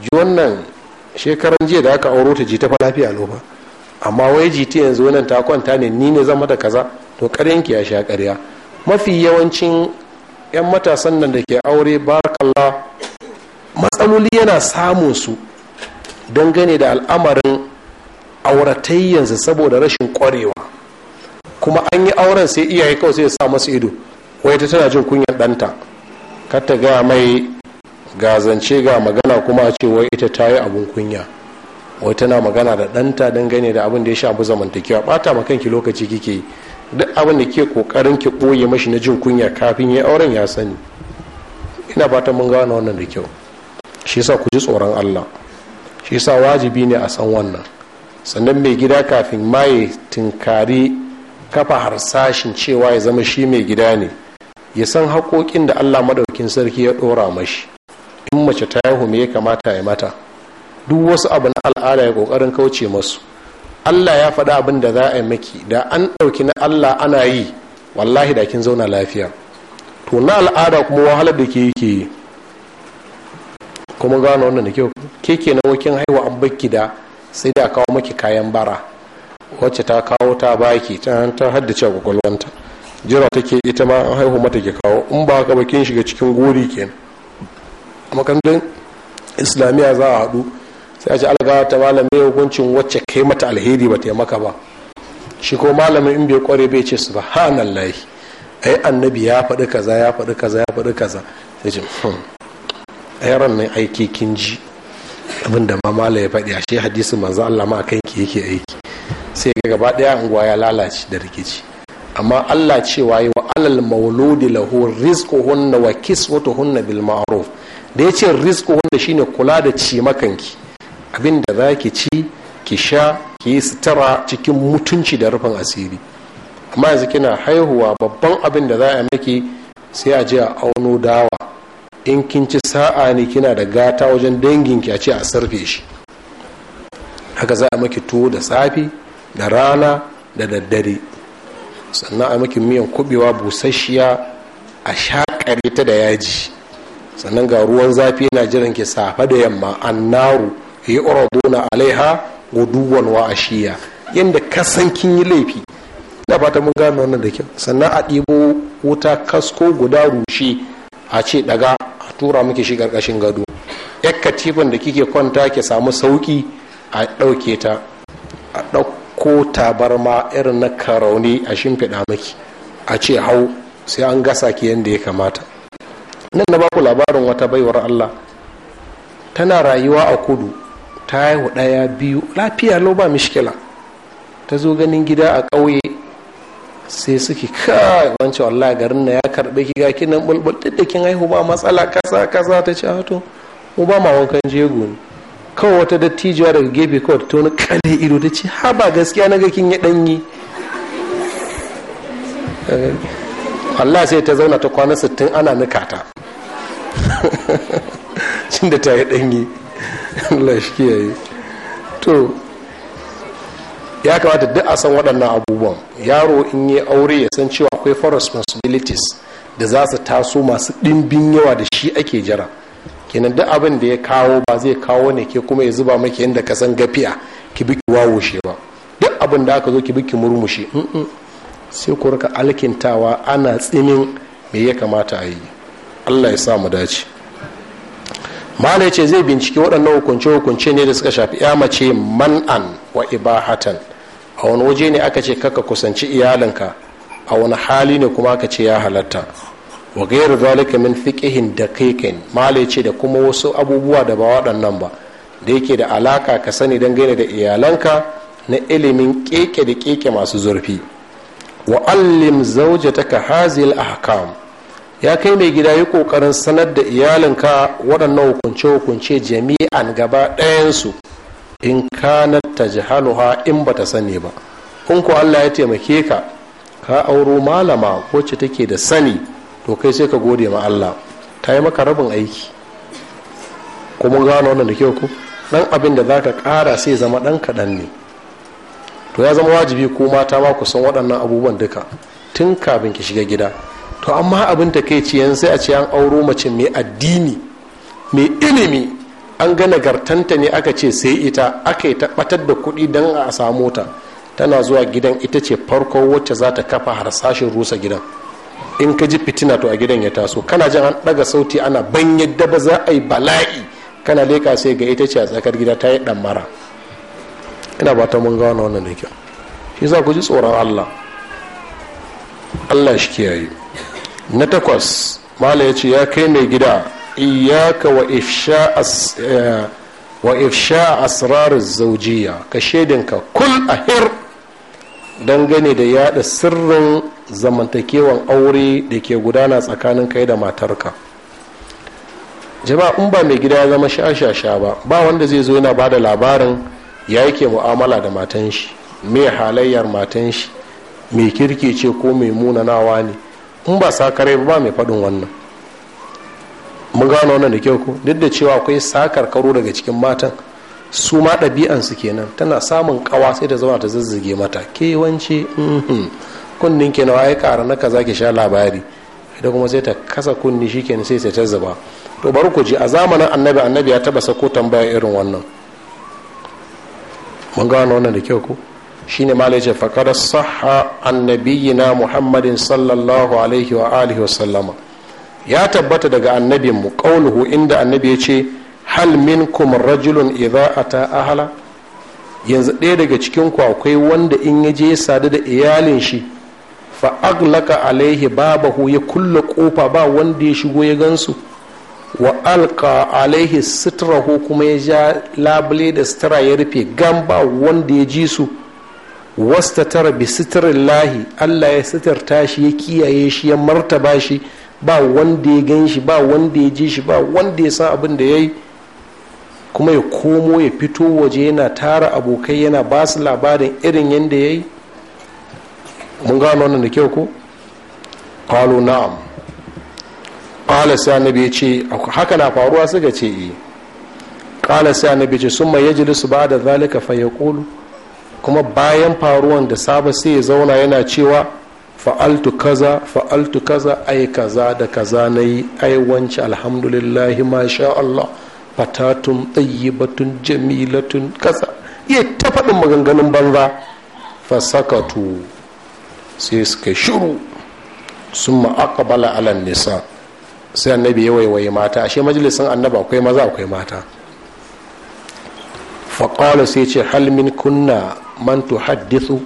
ji wannan shekaran jiya da aka auro ta ji ta fa lafiya lofa amma wai ji ta yanzu wannan ta kwanta ne ni ne zama da kaza to karyanki ya sha karya mafi yawancin 'yan matasan nan da ke aure barakallah matsaloli yana samun su dangane da al'amarin yanzu saboda rashin kwarewa kuma an yi auren sai iyaye kawai sai sa masu ido wai ta tana jin kunyar danta. kar ta gaya mai gazance ga magana kuma a ce wai ita ta yi abin kunya wai tana magana da ɗanta dangane da abin da ya shafi zamantakewa ɓata ma kanki lokaci kike yi duk abin da ke kokarin ki ɓoye mashi na jin kunya kafin ya auren ya sani ina fatan mun gane wannan da kyau shi yasa ku ji tsoron allah shi sa wajibi ne a san wannan sannan mai gida kafin maye tunkari kafa harsashin cewa ya zama shi mai gida ne ya san haƙoƙin da allah maɗaukin sarki ya ɗora mashi in mace ta yi me ya kamata ya mata duk wasu abu na al'ada ya ƙoƙarin kauce masu allah ya faɗa abin da za a yi maki da an ɗauki na allah ana yi wallahi da kin zauna lafiya to na al'ada kuma wahalar da ke yi ke yi kuma gano wannan da kyau ke na wakin haihuwa an baki da sai da kawo maki kayan bara wacce ta kawo ta baki ta ta haddace a kwakwalwanta jira take ita ma an haihu mata ke kawo in ba ka bakin shiga cikin gori ke a makarantar islamiyya za a haɗu sai a ce algawa ta malamai hukuncin wacce kai mata alheri ba ta maka ba shi ko malamin in bai kware bai ce su ba layi ai annabi ya faɗi kaza ya faɗi kaza ya faɗi kaza sai ce hmm. a yaran nan aiki kin ji abin da mamala ya faɗi a shi hadisi manzo Allah ma kan ki yake aiki sai ga gaba ɗaya unguwa ya lalace da rikici amma Allah cewa yi wa alal mauludi lahu rizquhunna wa kiswatuhunna bil ma'ruf da ya ce rizquhunna shine kula da ci makanki abin da zaki ci ki sha ki yi sutura cikin mutunci da rufin asiri amma yanzu kina haihuwa babban abin da za a miki sai a je a auno dawa in kin ci sa'a ne kina da gata wajen danginki a ce a sarfe shi haka za a maki tuwo da safi da rana da daddare sannan a maki miyan kubewa busasshiya a shakare ta da yaji sannan ga ruwan zafi yana jiran ki safa da yamma annaru yi uraduna alaiha guduwan wa ashiya yadda kasan kin yi laifi ina fata mun gano wannan da kyau sannan a ɗibo wuta kasko guda rushe a ce daga tura miki shi karkashin gado yar katifan da kike kwanta ki samu sauki a ɗauke ta a ɗauko tabarma irin na karauni a shimfiɗa miki a ce hau sai an gasa ki yadda ya kamata nan na baku labarin wata baiwar allah tana rayuwa a kudu ta haihu ɗaya biyu lafiya lau ba mishkila ta zo ganin gida a ƙauye sai suke kai wancan wallahi garin na ya karbe ki ga kinan bulbul duk da kin haihu ba matsala kasa kasa ta ce hato ah, mu ba ma wankan jego ne kawai wata dattijuwa daga gefe kawai ta wani kale ido ta ce ha ba gaskiya na ga kin yi danyi Allah sai ta zauna ta kwana sittin ana ta cin da ta yi danyi Allah shi kiyaye to ya kamata duk a san waɗannan abubuwan yaro in yi aure ya san cewa akwai for responsibilities da za su taso masu ɗimbin yawa da shi ake jira kenan duk abin da ya kawo ba zai kawo ne ke kuma ya zuba maki yadda ka san gafiya ki bi ki wawoshe ba duk abin da aka zo ki bi ki murmushe sai ku rika alkintawa ana tsimin me ya kamata a yi allah ya sa mu dace malai ce zai binciki waɗannan hukunce-hukunce ne da suka shafi ya mace man'an wa ibahatan a wani waje ne aka ce kaka kusanci iyalinka a wani hali ne kuma aka ce ya halatta wa gairu zalika min fiqihin daqiqin malai ce da kuma wasu abubuwa da ba waɗannan ba da yake da alaka ka sani dangane da iyalanka na ilimin keke da keke masu zurfi wa allim zawjataka hazil ahkam ya kai mai gida yi kokarin sanar da iyalinka waɗannan hukunce-hukunce jami'an gaba ɗayansu in na ta jihaluha in bata sani ba in ko allah ya taimake ka ka auro malama wacce take da sani to kai sai ka gode ma allah ta yi maka rabin aiki kuma gano wannan da kyau ku ɗan abin da zaka ƙara sai zama ɗan kaɗan ne to ya zama wajibi ko mata ma ku san waɗannan abubuwan duka tun kafin ki shiga gida to amma abin ta kai ciyan sai a ce an auro mace mai addini mai ilimi an ga nagartanta ne aka ce sai ita aka yi tabbatar da kuɗi don a samu ta tana zuwa gidan ita ce farko wacce za ta kafa harsashin rusa gidan in ka ji fitina to a gidan ya taso kana jin an ɗaga sauti ana ban yadda ba za a yi bala'i kana leka sai ga ita ce a tsakar gida ta yi ɗan ina ba ta mun gano wannan da kyau shi za ku ji tsoron allah allah shi kiyaye na takwas mala ya ce ya kai mai gida iyaka wa ifsha eh, asrarar zaujiya ka shaidinka kul a ahir dangane da yada sirrin zamantakewan aure da ke gudana tsakanin kai da matarka jama'a in ba mai gida ya zama shashasha ba ba wanda zai zo yana da labarin ya yake mu'amala da matan shi mai halayyar matan shi mai kirki ce ko mai munanawa ne in ba sakare ba mai faɗin wannan mun gano wannan da kyau ko duk da cewa akwai sakar karo daga cikin matan su ma ɗabi'ansu kenan tana samun kawa sai ta zama ta zazzage mata kewanci mm-hmm. kunnin ke nawa ya ƙara na kaza ki sha labari idan kuma sai ta kasa kunni shi kenan sai ta zuba to bari ku ji a zamanin annabi annabi ya taba sako tambaya irin wannan mun gano wannan da kyau ko shine malai ce saha annabi annabiyina muhammadin sallallahu alaihi wa alihi wa sallama ya tabbata daga annabin mu qauluhu inda annabi ya ce hal kuma rajulun idza ata ahla yanzu ɗaya daga cikin ku akwai wanda in ya je sadu da iyalin shi fa aglaka alaihi babahu ya kulle kofa ba wanda ya shigo ya gansu wa alka alaihi sitrahu kuma ya ja labule da sutura ya rufe gamba wanda ya ji su wasta tara bi lahi allah ya sitirta shi ya kiyaye shi ya martaba shi ba wanda ya gan shi ba wanda ya ji shi ba wanda ya san abin da ya yi kuma ya komo ya fito waje yana tara abokai yana ba su labarin irin yadda ya yi mun gano wannan da kyau ko kwalo na'am kwalo sai ya ce haka na faruwa suka ce yi eh. kwalo sai annabi ya ce summa yajlisu zalika fa yaqulu kuma bayan faruwan da saba sai ya zauna yana cewa fa'altu kaza fa'altu kaza ai kaza da kaza na yi ai wance alhamdulillahi masha Allah fatatun tsayyibatun jamilatun kaza iya ta faɗin maganganun banza fasakatu sai suka shiru sun ma'akabala alan nisa sai annabi ya waiwaye mata ashe majalisin annaba akwai maza akwai mata faƙala sai ce halmin kunna man tuhaddithu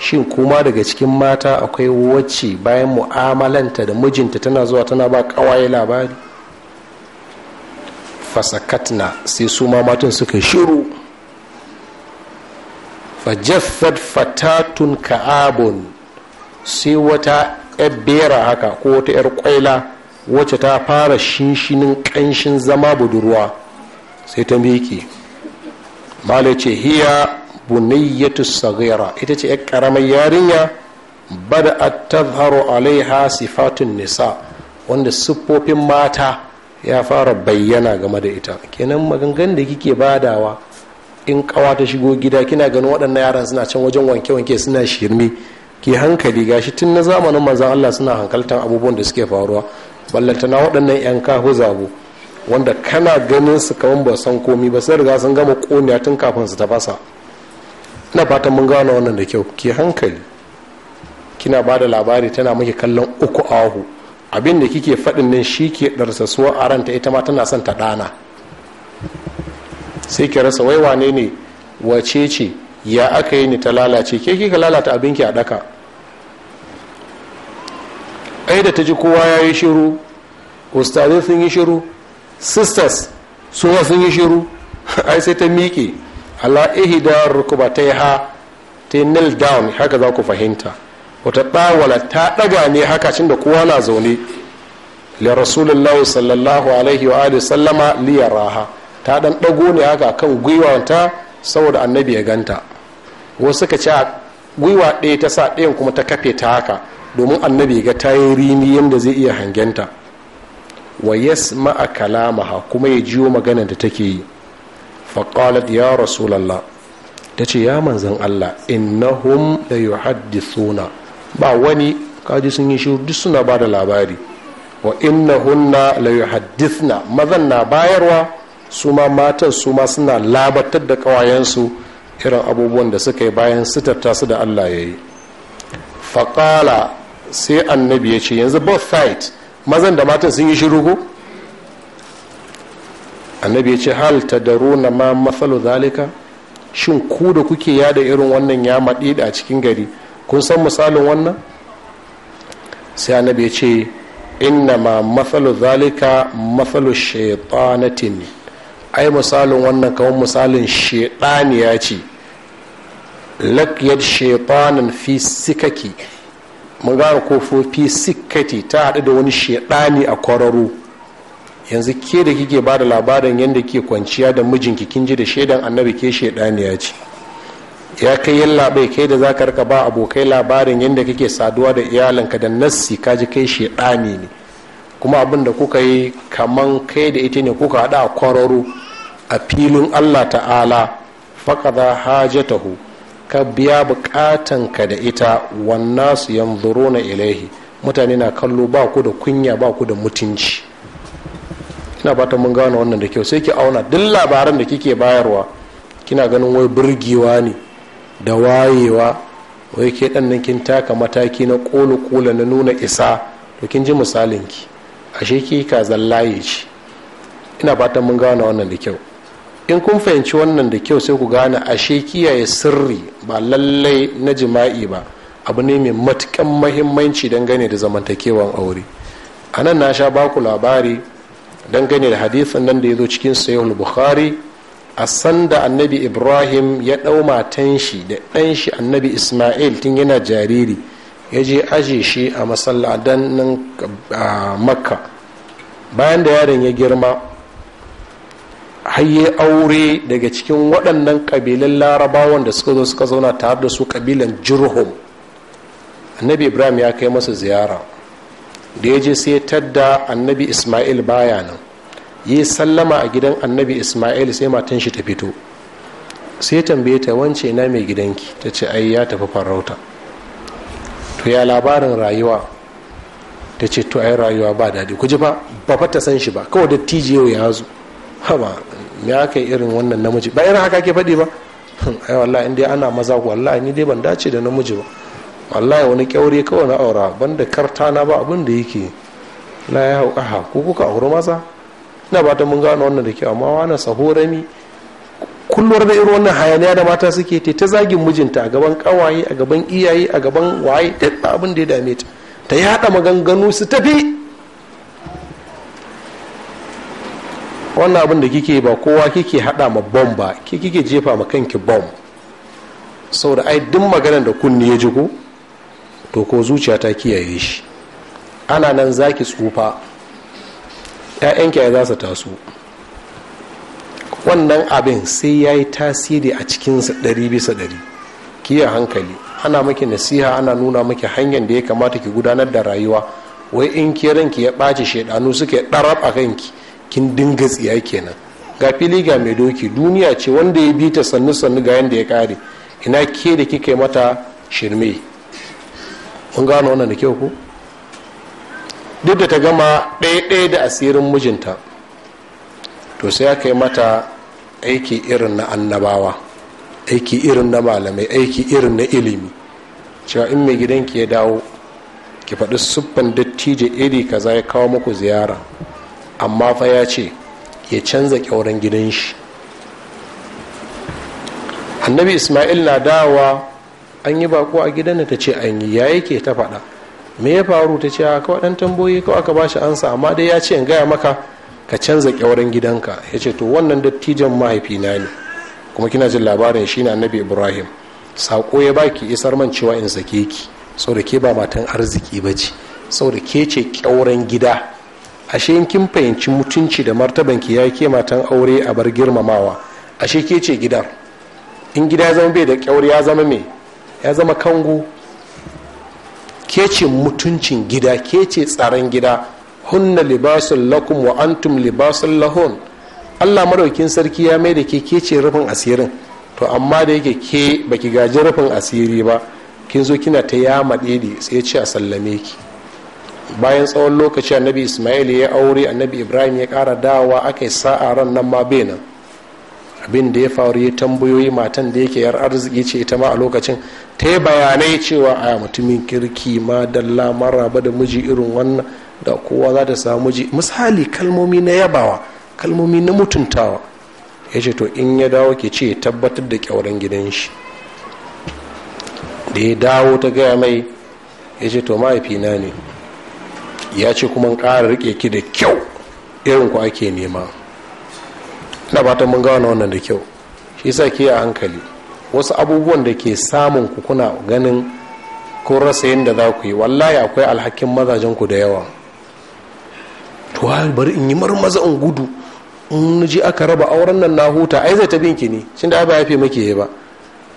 shin kuma daga cikin mata akwai wacce bayan mu'amalanta da mijinta tana zuwa tana ba kawaye labari fasakatna sai su ma matan suka shiru fajaffat fatatun ka'abun sai wata ebera haka ko wata yar kwaila wacce ta fara shinshinin kanshin zama budurwa sai ta miki. malace ce hiya buniyatu sagira ita ce 'yar karamar yarinya bada tazharu alaiha sifatun nisa wanda siffofin mata ya fara bayyana game da ita kenan magangan da kike badawa in kawa ta shigo gida kina ganin waɗannan yaran suna can wajen wanke-wanke suna shirme ke hankali gashi tun na zamanin manzan Allah suna hankaltan abubuwan da suke faruwa ballantana waɗannan 'yan kaho zabo wanda kana ganin su kaman ba san komi ba sai riga sun gama koniya tun kafin su tafasa ina fatan mun gano wannan da kyau ki hankali kina ba da labari tana muke kallon uku ahu abin da kike faɗin nan shi ke ɗarsasuwa a ranta ita ma tana son ta ɗana sai ki rasa wai wane ne wace ce ya aka yi ni ta lalace ke kika lalata abinki a ɗaka ai da ta ji kowa ya yi shiru ustazai sun yi shiru sisters suna sun yi shiru ai sai ta miƙe ala ihda rukubataiha ta nil down haka za ku fahimta wata ɗawala ta ɗaga ne haka cin da kowa na zaune li rasulullahi sallallahu alaihi wa alihi sallama raha ta ɗan ɗago ne haka kan gwiwanta saboda annabi ya ganta wasu suka ce a gwiwa ɗaya ta sa ɗayan kuma ta kafe ta haka domin annabi ga ta yi rini yadda zai iya hangenta wa yasma kalamaha kuma ya jiyo maganar da take yi faƙalat ya rasulallah ta ce ya manzan allah innahum da yuhaddithuna ba wani kaji sun yi shiru duk suna ba da labari wa innahunna la yuhaddithna mazan na bayarwa su ma matan ma suna labatar da ƙawayensu irin abubuwan da suka yi bayan sitarta su da allah ya yi faƙala sai annabi ya ce yanzu both side mazan da matan sun yi shiru ko annabi ya ce hal tadaruna ma matsalo zalika shin ku da kuke yada irin wannan ya maɗi a cikin gari kun san misalin wannan sai annabi ya ce inna ma matsalo zalika matsalo shaitanatin ai misalin wannan kamar misalin ya ce lakiyar shaitanin fi sikaki mun gane ko fi sikati ta haɗu da wani shaitani a kwararo yanzu ke da kike ba da labarin yadda ke kwanciya da mijinki kin ji da shaidan annabi ke shaidaniya ce ya kai yin labai kai da zaka rika ba abokai labarin yadda kake saduwa da iyalinka da nassi ka ji kai shaidani ne kuma abin da kuka yi kaman kai da ita ne kuka hada a kwararo a filin allah ta'ala faƙaza hajatahu ka biya ka da ita wannan su rona ilahi mutane na kallo ba ku da kunya ba ku da mutunci ina fatan mun gane wannan da kyau sai ki auna duk labaran da kike bayarwa kina ganin wai burgewa ne da wayewa wai ke dan nan kin taka mataki na kolo kola na nuna isa to kin ji misalin ki ashe ki ka zallaye ci ina fatan mun gane wannan da kyau in kun fahimci wannan da kyau sai ku gane ashe kiyaye sirri ba lallai na jima'i ba abu ne mai matukan mahimmanci gane da zamantakewan aure a nan na sha baku labari dangane da hadisin nan da ya zo cikin sayuhul bukhari a sanda annabi ibrahim ya ɗau matan shi da ɗan shi annabi ismail tun yana jariri ya je aje shi a masalladan nan a makka bayan da yaron ya girma hayye aure daga cikin waɗannan ƙabilan larabawan da suka zo suka zauna tare da su ƙabilan jirhum annabi ibrahim ya kai masa ziyara da ya je sai tadda annabi ismail baya nan yi sallama a gidan annabi ismail sai matan shi ta fito sai tambaye ta wance na mai gidanki ta ce ai ya tafi farauta to ya labarin rayuwa ta ce to ai rayuwa ba daɗi ku ji ba ba fata san shi ba kawai da yau ya zo haba me aka yi irin wannan namiji ba irin haka ke faɗi ba ai wallahi inda dai ana maza wallahi ni dai ban dace da namiji ba wallahi wani kyaure kawai na aura banda karta na ba abin da yake la ya hau aha ko kuka auri maza ina ba ta mun gano wannan da ke amma wani sahorami kullum da irin wannan hayaniya da mata suke te ta zagin mijinta a gaban kawaye a gaban iyaye a gaban waye duk abin da ya dame ta ta yada maganganu su tafi wannan abin da kike ba kowa kike haɗa ma bom ba kike jefa ma kanki bom saboda ai duk maganar da kunni ya ji ko to ko zuciya ta kiyaye shi ana nan za ki tsufa ‘ya'yanki ya za su taso wannan abin sai ya yi tasiri a cikinsa ɗari bisa ɗari kiyaye hankali ana maki nasiha ana nuna maki hanyar da ya kamata ki gudanar da rayuwa wai in ki ya ɓace shaidanu suke ɗarab a kan ki kin dinga tsiya kenan ga fili ga mai doki duniya ce wanda ya bi ta sannu sannu ga yanda ya kare ina ke da kika mata shirme mun gano wannan da kyau ko duk da ta gama ɗaya-ɗaya da asirin mijinta to sai aka yi mata aiki irin na annabawa aiki irin na malamai aiki irin na ilimi cewa in mai gidanki ya dawo ki faɗi siffan dattijo iri kaza ya kawo muku ziyara amma fa ya ce ya canza ƙyauren gidan shi annabi ismail na dawa an yi bako a gidan ta ce an yi ya yake ta faɗa me ya faru ta ce a kawai ɗan tamboyi kawai aka bashi ansa amma dai ya ce in gaya maka ka canza kyauren gidanka ya ce to wannan dattijan mahaifina ne kuma kina jin labarin shi na annabi ibrahim sako ya baki isar man cewa in sake ki saboda ke ba matan arziki ba ce saboda ke ce kyauren gida ashe in kin fahimci mutunci da martaban ki ya ke matan aure a bar girmamawa ashe ke ce gidan in gida zama bai da kyauri ya zama mai ya zama kango ke ce mutuncin gida ke ce tsaron gida hunna libasun lakum wa antum libasun lahun allah maraukin sarki ya mai da ke ke ce rufin asirin to amma da yake ke baki gaji rufin asiri ba kin zo kina ta yama ɗede sai ce a sallame ki bayan tsawon lokaci annabi ismail ya aure annabi ibrahim ya ƙara dawa aka yi sa'a ran nan ma benan abin da ya faru ya tambayoyi matan da yake yar arziki ce ita ma a lokacin ta yi bayanai cewa a mutumin kirki ma dalla maraba da miji irin wannan da kowa za ta samu miji misali kalmomi na yabawa kalmomi na mutuntawa ya ce to in ya dawo ke ce tabbatar da kyauren gidan shi da ya dawo ta gaya mai ya ce to mahaifina ne ya ce kuma ƙara rike ki da kyau irin ku ake nema na fatan mun gano wannan da kyau shi sa ke a hankali wasu abubuwan da ke samun ku kuna ganin kun rasa da za ku yi wallahi akwai alhakin mazajen ku da yawa to bari in yi marmaza in gudu in ji aka raba auren nan na huta ai zai ta binki ne shin da ba ya fi maki ba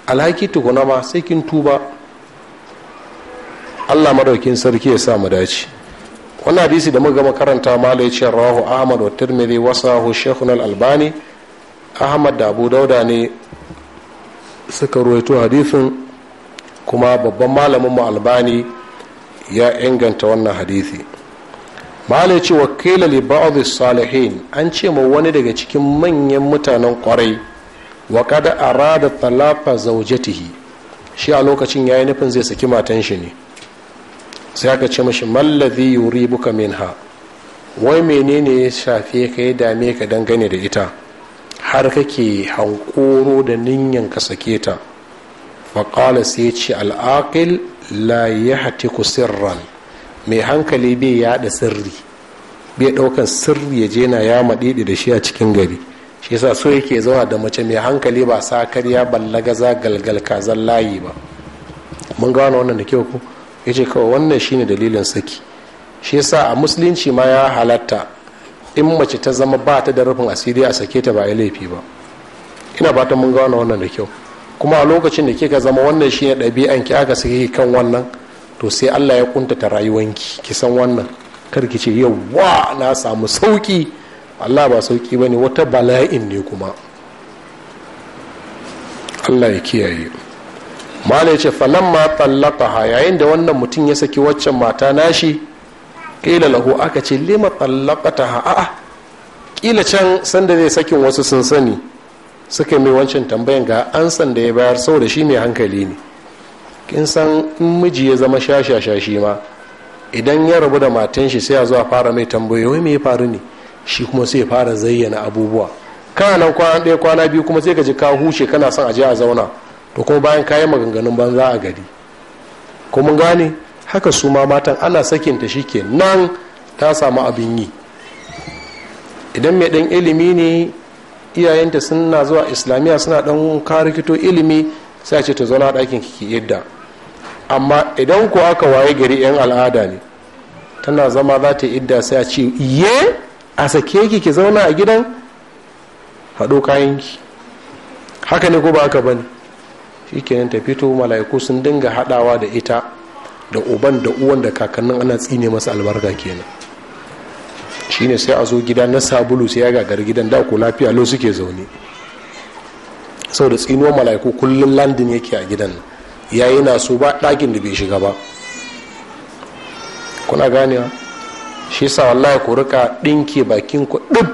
alhaki tukuna ma sai kin tuba Allah madaukin sarki ya sa mu dace wannan hadisi da muka gama karanta malai ya ce rawahu ahmad wa tirmidhi wasahu shaykhun al-albani ahmad da abu dauda ne suka ruwaito hadithin kuma babban malamin mu albani ya inganta wannan hadithi malai ce wakila li salihin an ce ma wani daga cikin manyan mutanen kwarai wa qad arada talafa zaujetihi shi a lokacin yayi nufin zai saki matan shi ne sai aka ce mashi mallazi min minha wai menene ya shafe ka ya dame ka dangane da ita har kake hankoro da ninyan ka sake ta faƙala sai ce al'aƙil la ya ku sirran mai hankali bai yaɗa sirri bai ɗaukan sirri ya je na ya maɗiɗi da shi a cikin gari shi yasa so yake zauna da mace mai hankali ba sa karya ballaga za galgal kazan layi ba mun gano wannan da kyau ko ya ce kawai wannan shine dalilin saki shi yasa a musulunci ma ya halatta in mace ta zama ba ta da rufin asiri a sake ta ba ya laifi ba ina ba ta mun gane wannan da kyau kuma a lokacin da kika zama wannan shi ne ɗabi'an ki aka sake kan wannan to sai Allah ya kuntata rayuwanki ki san wannan kar ki ce wa na samu sauki Allah ba sauki bane wata bala'in ne kuma Allah ya kiyaye mala ya ce falamma tallaqaha yayin da wannan mutum ya saki waccan mata nashi ƙila lahu aka ce lima tallaqataha a'a kila can sanda zai sakin wasu sun sani suka mai wancan tambayan ga an sanda ya bayar sau da shi mai hankali ne kin san in miji ya zama shashashashi ma idan ya rabu da matan shi sai ya zuwa fara mai tambayoyi me ya faru ne shi kuma sai ya fara zayyana abubuwa kana nan kwana ɗaya kwana biyu kuma sai ka ji ka huce kana son aje a zauna to kuma bayan kayan maganganun banza a gari ko mun gane haka su ma matan ana sakinta shi ke nan ta samu abin yi idan mai dan ilimi ne iyayenta suna zuwa islamiyya suna dan karikito ilimi sai ce ta zauna ɗakin kiki yadda amma idan ko aka waye gari 'yan al'ada ne tana zama za ta idda sai a ce iye a sake ki ki zauna a gidan haɗo kayanki haka ne ko ba haka bane shikenan ta fito mala'iku sun dinga haɗawa da ita da uban da uwan da kakannin ana tsine masa albarka kenan shine sai a zo gida na sabulu sai ya gagar gidan da ku lafiya lo suke zaune sau da tsinuwa mala'iku kullum landin yake a gidan ya yi na so ba ɗakin da bai shiga ba kuna ba shi sa wallahi ku rika ɗinke bakin ku ɗin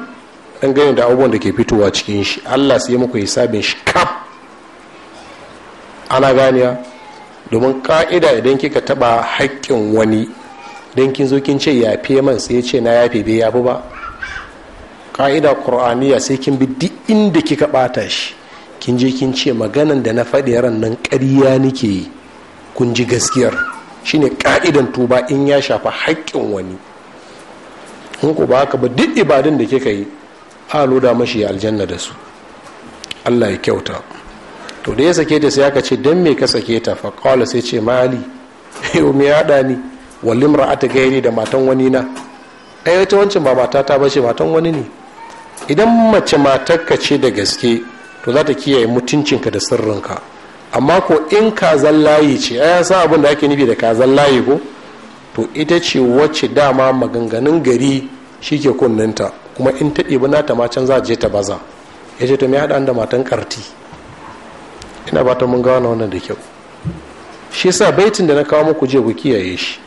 ɗan gani da abubuwan da ke fitowa cikin shi allah sai muku hisabin shi kaf ana ganiya domin ka'ida idan kika taba haƙƙin wani don kin zo kin ce ya fi man sai ce na yafe bai yafi ba ka'ida ƙur'aniya sai kin bi duk inda kika ɓata shi kin je kin ce maganan da na faɗi ran nan ƙarya nake yi kun ji gaskiyar shine ka'idan tuba in ya shafa haƙƙin wani in ku ba haka ba duk ibadun da kika yi a loda mashi aljanna da su allah ya kyauta to da ya sake ta sai aka ce dan me ka sake ta fa qala sai ce mali yau me ya da ni wallim ra'ata gairi da matan wani na ai wata wancan ba mata ta bace matan wani ne idan mace matarka ce da gaske to za ta kiyaye mutuncinka da sirrinka amma ko in kazan layi ce ai sa abin da ake nufi da kazan layi ko to ita ce wacce dama maganganun gari shi ke kunninta kuma in ta ɗibi nata ma can za je ta baza ya ce to me haɗa da matan ƙarti ina ba ta mun gano wannan da kyau shi yasa baitin da na kawo muku je ku kiyaye shi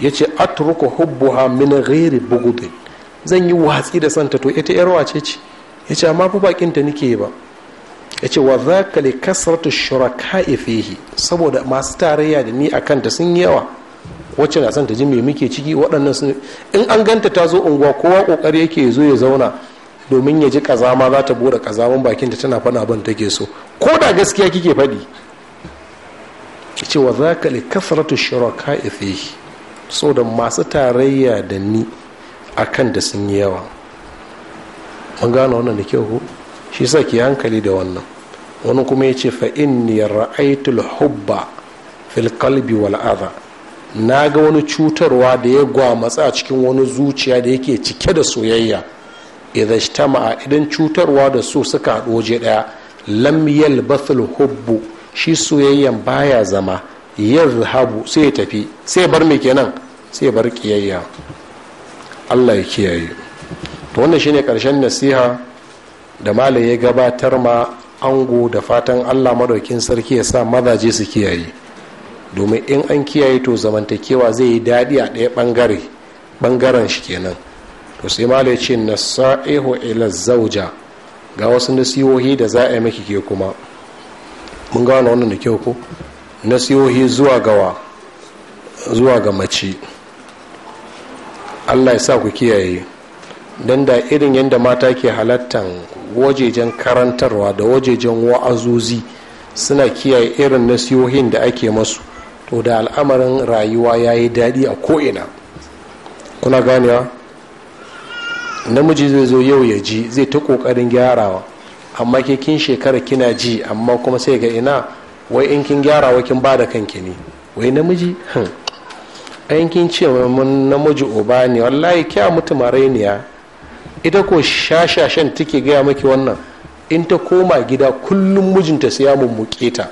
yace atruku hubbuha min ghairi bugudu zan yi watsi da santa to ita yar wace ce yace amma fa bakin ta nike ba yace wa zaka li kasratu shuraka'i fihi saboda masu tarayya da ni akan ta sun yawa wacce na santa ji me muke ciki waɗannan sun in an ganta ta zo unguwa kowa kokari yake zo ya zauna domin ya ji kazama za ta bude kazaman bakin ta tana fana ban take so ko da gaskiya kike faɗi ce wa za ka li shiraka shuraka ifihi da masu tarayya da ni akan da sun yi yawa mun gane wannan da kyau ko shi sa ki hankali da wannan wani kuma ya ce fa inni ra'aytul hubba fil qalbi wal adha na ga wani cutarwa da ya gwamatsa a cikin wani zuciya da yake cike da soyayya idan ma'a idan cutarwa da so suka haɗu waje ɗaya lam yalbathul hubbu shi soyayyan baya zama yadhhabu sai ya tafi sai bar me kenan sai bar kiyayya Allah ya kiyaye to wannan shine karshen nasiha da malam ya gabatar ma ango da fatan Allah madaukin sarki ya sa mazaje su kiyaye domin in an kiyaye to zamantakewa zai yi daɗi a ɗaya bangare bangaren shi kenan to sai malai ya ce nasa'ihu ila zauja ga wasu nasihohi da za a yi maki ke kuma mun gano wannan da kyau ko nasihohi zuwa gawa zuwa ga mace allah ya sa ku kiyaye don da irin yadda mata ke halattan wajejen karantarwa da wajejen wa'azuzi suna kiyaye irin nasihohin da ake masu to da al'amarin rayuwa ya yi daɗi a ko'ina kuna ganewa namiji zai zo yau ya ji zai ta kokarin gyarawa amma ke kin shekara kina ji amma kuma sai ga ina wai in kin gyarawa kin ba da kanki ne wai namiji in kin ce mun namiji oba ne wallahi kya mutu marainiya ita ko shashashen take gaya maki wannan in ta koma gida kullum mijinta sai ya mummuke ta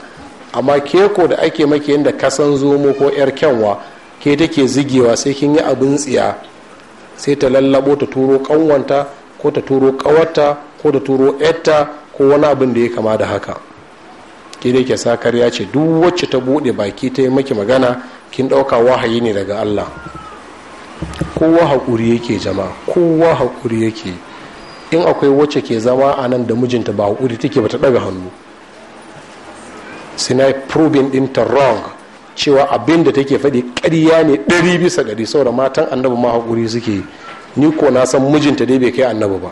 amma ke ko da ake maki yadda kasan zomo ko yar kyanwa ke take zigewa sai kin yi abin tsiya sai ta lallabo ta turo kanwanta ko ta turo kawarta ko ta turo yatta ko wani abin da ya kama da haka ke da ke sa karya ce duk wacce ta bude baki ta yi maki magana kin dauka wahayi ne daga Allah kowa haƙuri yake jama kowa haƙuri yake in akwai wacce ke zama a nan da mijinta ba haƙuri take ba ta ɗaga hannu sinai probing ɗinta wrong cewa abin da take faɗi ƙarya ne ɗari bisa ɗari saboda matan annabi ma haƙuri suke yi ni ko na san mijinta dai bai kai annabi ba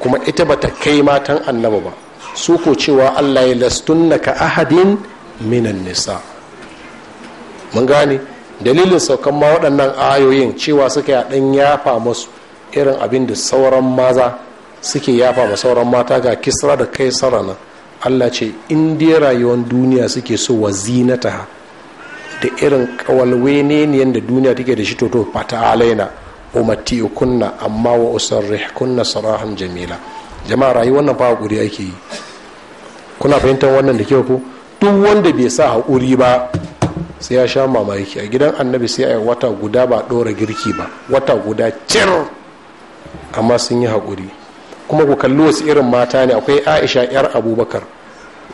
kuma ita ba ta kai matan annabi ba su ko cewa allah ya lastunna ka ahadin minan nisa mun gane dalilin saukan ma waɗannan ayoyin cewa suka a ɗan yafa masu irin abin da sauran maza suke yafa ma sauran mata ga kisra da kai sarana allah ce in dai rayuwar duniya suke so wa zinata da irin ne yadda duniya take da shi to to fata alaina umati kunna amma wa usarrih kunna sarahan jamila jama'a rayuwar wannan fa hakuri ake yi kuna fahimtar wannan da kyau ko duk wanda bai sa hakuri ba sai ya sha mamaki a gidan annabi sai a wata guda ba ɗora girki ba wata guda cir amma sun yi hakuri kuma ku kalli wasu irin mata ne akwai aisha yar abubakar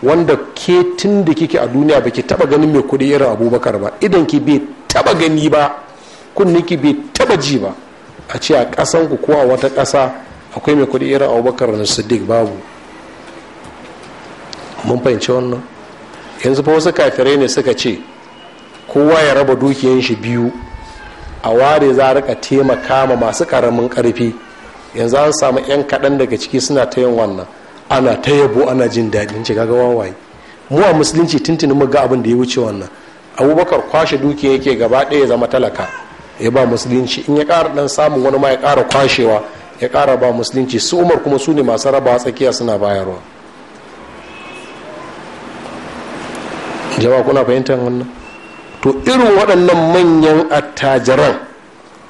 wanda ke tun da kike a duniya baki taba ganin mai kuɗi irin abubakar ba idan ki bai taba gani ba kunnen ki bai taba ji ba a ce a kasan ku ko wata ƙasa akwai mai kuɗi irin abubakar na siddiq babu mun fahimci wannan yanzu fa wasu kafirai ne suka ce kowa ya raba dukiyan shi biyu a ware za a rika taimaka ma masu karamin karfi yanzu an samu 'yan kaɗan daga ciki suna ta yin wannan ana ta yabo ana jin daɗin ce kaga wawaye mu a musulunci tuntunin mu ga abin da ya wuce wannan abubakar kwashe dukiya yake gaba ɗaya ya zama talaka ya ba musulunci in ya ƙara dan samun wani ma ya ƙara kwashewa ya ƙara ba musulunci su umar kuma su ne masu raba tsakiya suna bayarwa jama'a kuna fahimtar wannan to irin waɗannan manyan attajiran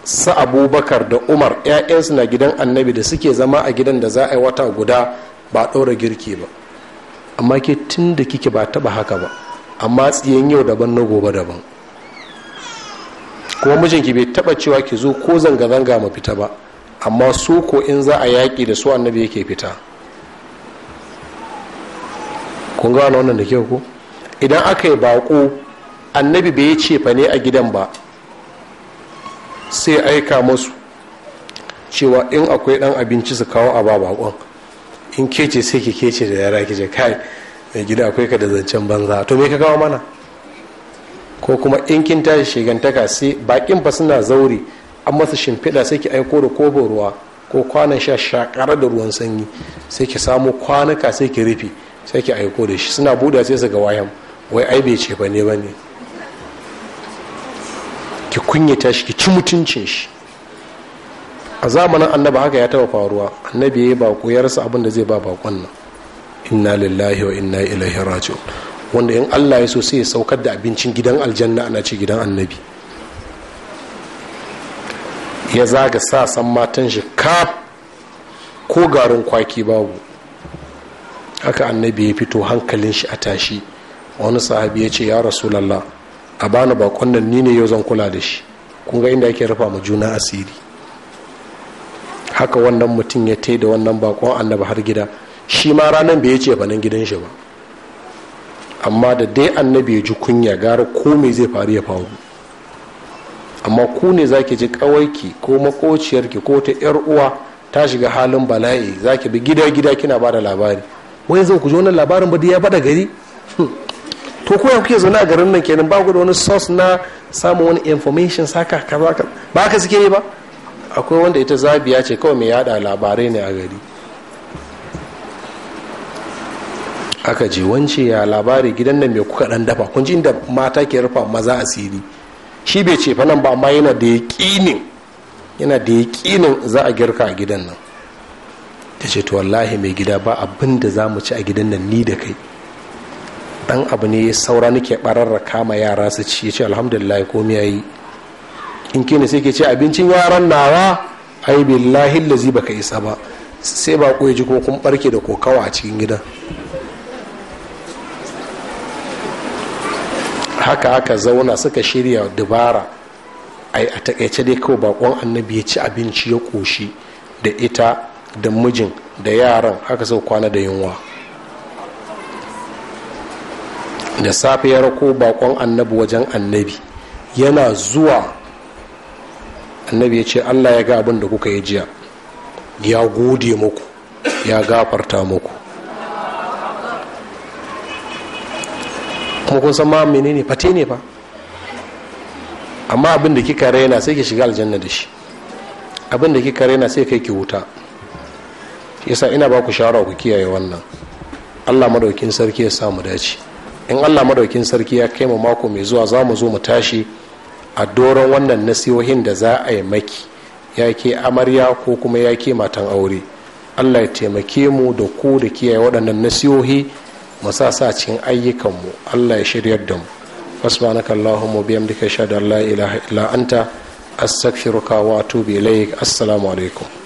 su abubakar da umar 'ya'yansu na gidan annabi da suke zama a gidan da za a yi wata guda ba ɗaura girki ba amma ke tun da kike ba taɓa haka ba amma tsiyan yau daban na gobe daban kuma mijinki bai taɓa cewa ki zo ko zanga-zanga ma fita ba amma su ko in za a yaƙi da su annabi yake fita kun ga wannan da kyau ko idan aka yi baƙo annabi bai ce cefa ne a gidan ba sai aika masu cewa in akwai ɗan abinci su kawo a ba baƙon in kece sai ki kece da yara ki je kai mai gida akwai ka da zancen banza to me ka kawo mana ko kuma in kin tashi shigantaka sai bakin fa suna zaure an masa shimfiɗa sai ki aiko da kofin ruwa ko kwanan sha shakar da ruwan sanyi sai ki samo kwanuka sai ki rufe sai ki aiko da shi suna buɗa sai su ga wayan wai ai bai ce ba ne ba ne ki kunyata tashi ki ci mutuncin shi a zamanin annabi haka ya taba faruwa annabi ya yi bako ya rasa abin da zai ba bakon nan inna lillahi wa inna ilaihi raji'un wanda in Allah ya so sai ya saukar da abincin gidan aljanna ana ce gidan annabi ya zaga sa san matan shi ka ko garin kwaki babu haka annabi ya fito hankalin shi a tashi wani sahabi ya ce ya rasu lalla a bani bakon nan ni ne yau zan kula da shi kun ga inda ake rufa ma juna asiri haka wannan mutum ya tai da wannan bakon annabi har gida shi ma ranar bai ce fanin gidan shi ba amma da dai annabi ya ji kunya gara ko mai zai faru ya faru amma ku ne za ki ji kawaiki ko makociyarki ko ta yar uwa ta shiga halin bala'i za ki bi gida gida kina bada labari wai zai ku ji wannan labarin ba ya bada gari hmm. to ko kuke zaune a garin nan kenan ba ku da wani source na samun wani information saka kaza ba ka suke yi ba akwai wanda ita zabiya ce kawai mai yada labarai ne a gari aka je wance ya labari gidan nan mai kuka dan dafa kun ji inda mata ke rufa maza asiri shi bai ce fa nan ba amma yana da yaƙinin yana da yaƙinin za a girka a gidan nan ta ce to wallahi mai gida ba abin da za mu ci a gidan nan ni da kai dan abu ne saura nake bararra kama yara su ci ya ce alhamdulillah komai yayi in kina sai ke ce abincin yaran nawa ai billahi lazi baka isa ba sai ba ya ji kuma kun barke da kokawa a cikin gidan haka aka zauna suka shirya dubara ai a takaice dai kawai bakon annabi ya ci abinci ya koshi da ita da mijin da yaran haka sau kwana da yunwa da safe ya rako bakon annabi wajen annabi yana zuwa annabi ya ce allah ya ga abin da kuka yi jiya ya gode muku ya gafarta muku kuma kun san ma menene fate ne fa amma abin da kika raina sai ki shiga aljanna da shi abin da kika raina sai kai ki wuta yasa ina ba ku shawara ku kiyaye wannan allah madaukin sarki ya samu dace in allah madaukin sarki ya kai mu mako mai zuwa za mu zo mu tashi a doron wannan nasihohin da za a yi maki ya ke amarya ko kuma ya ke matan aure allah ya taimake mu da ku da kiyaye waɗannan nasihohi mu sa sa cikin ayyukanmu allah ya shiryar da mu mu allahumma bihamdika shada la ilaha illa anta astaghfiruka wa atubu ilaik assalamu alaikum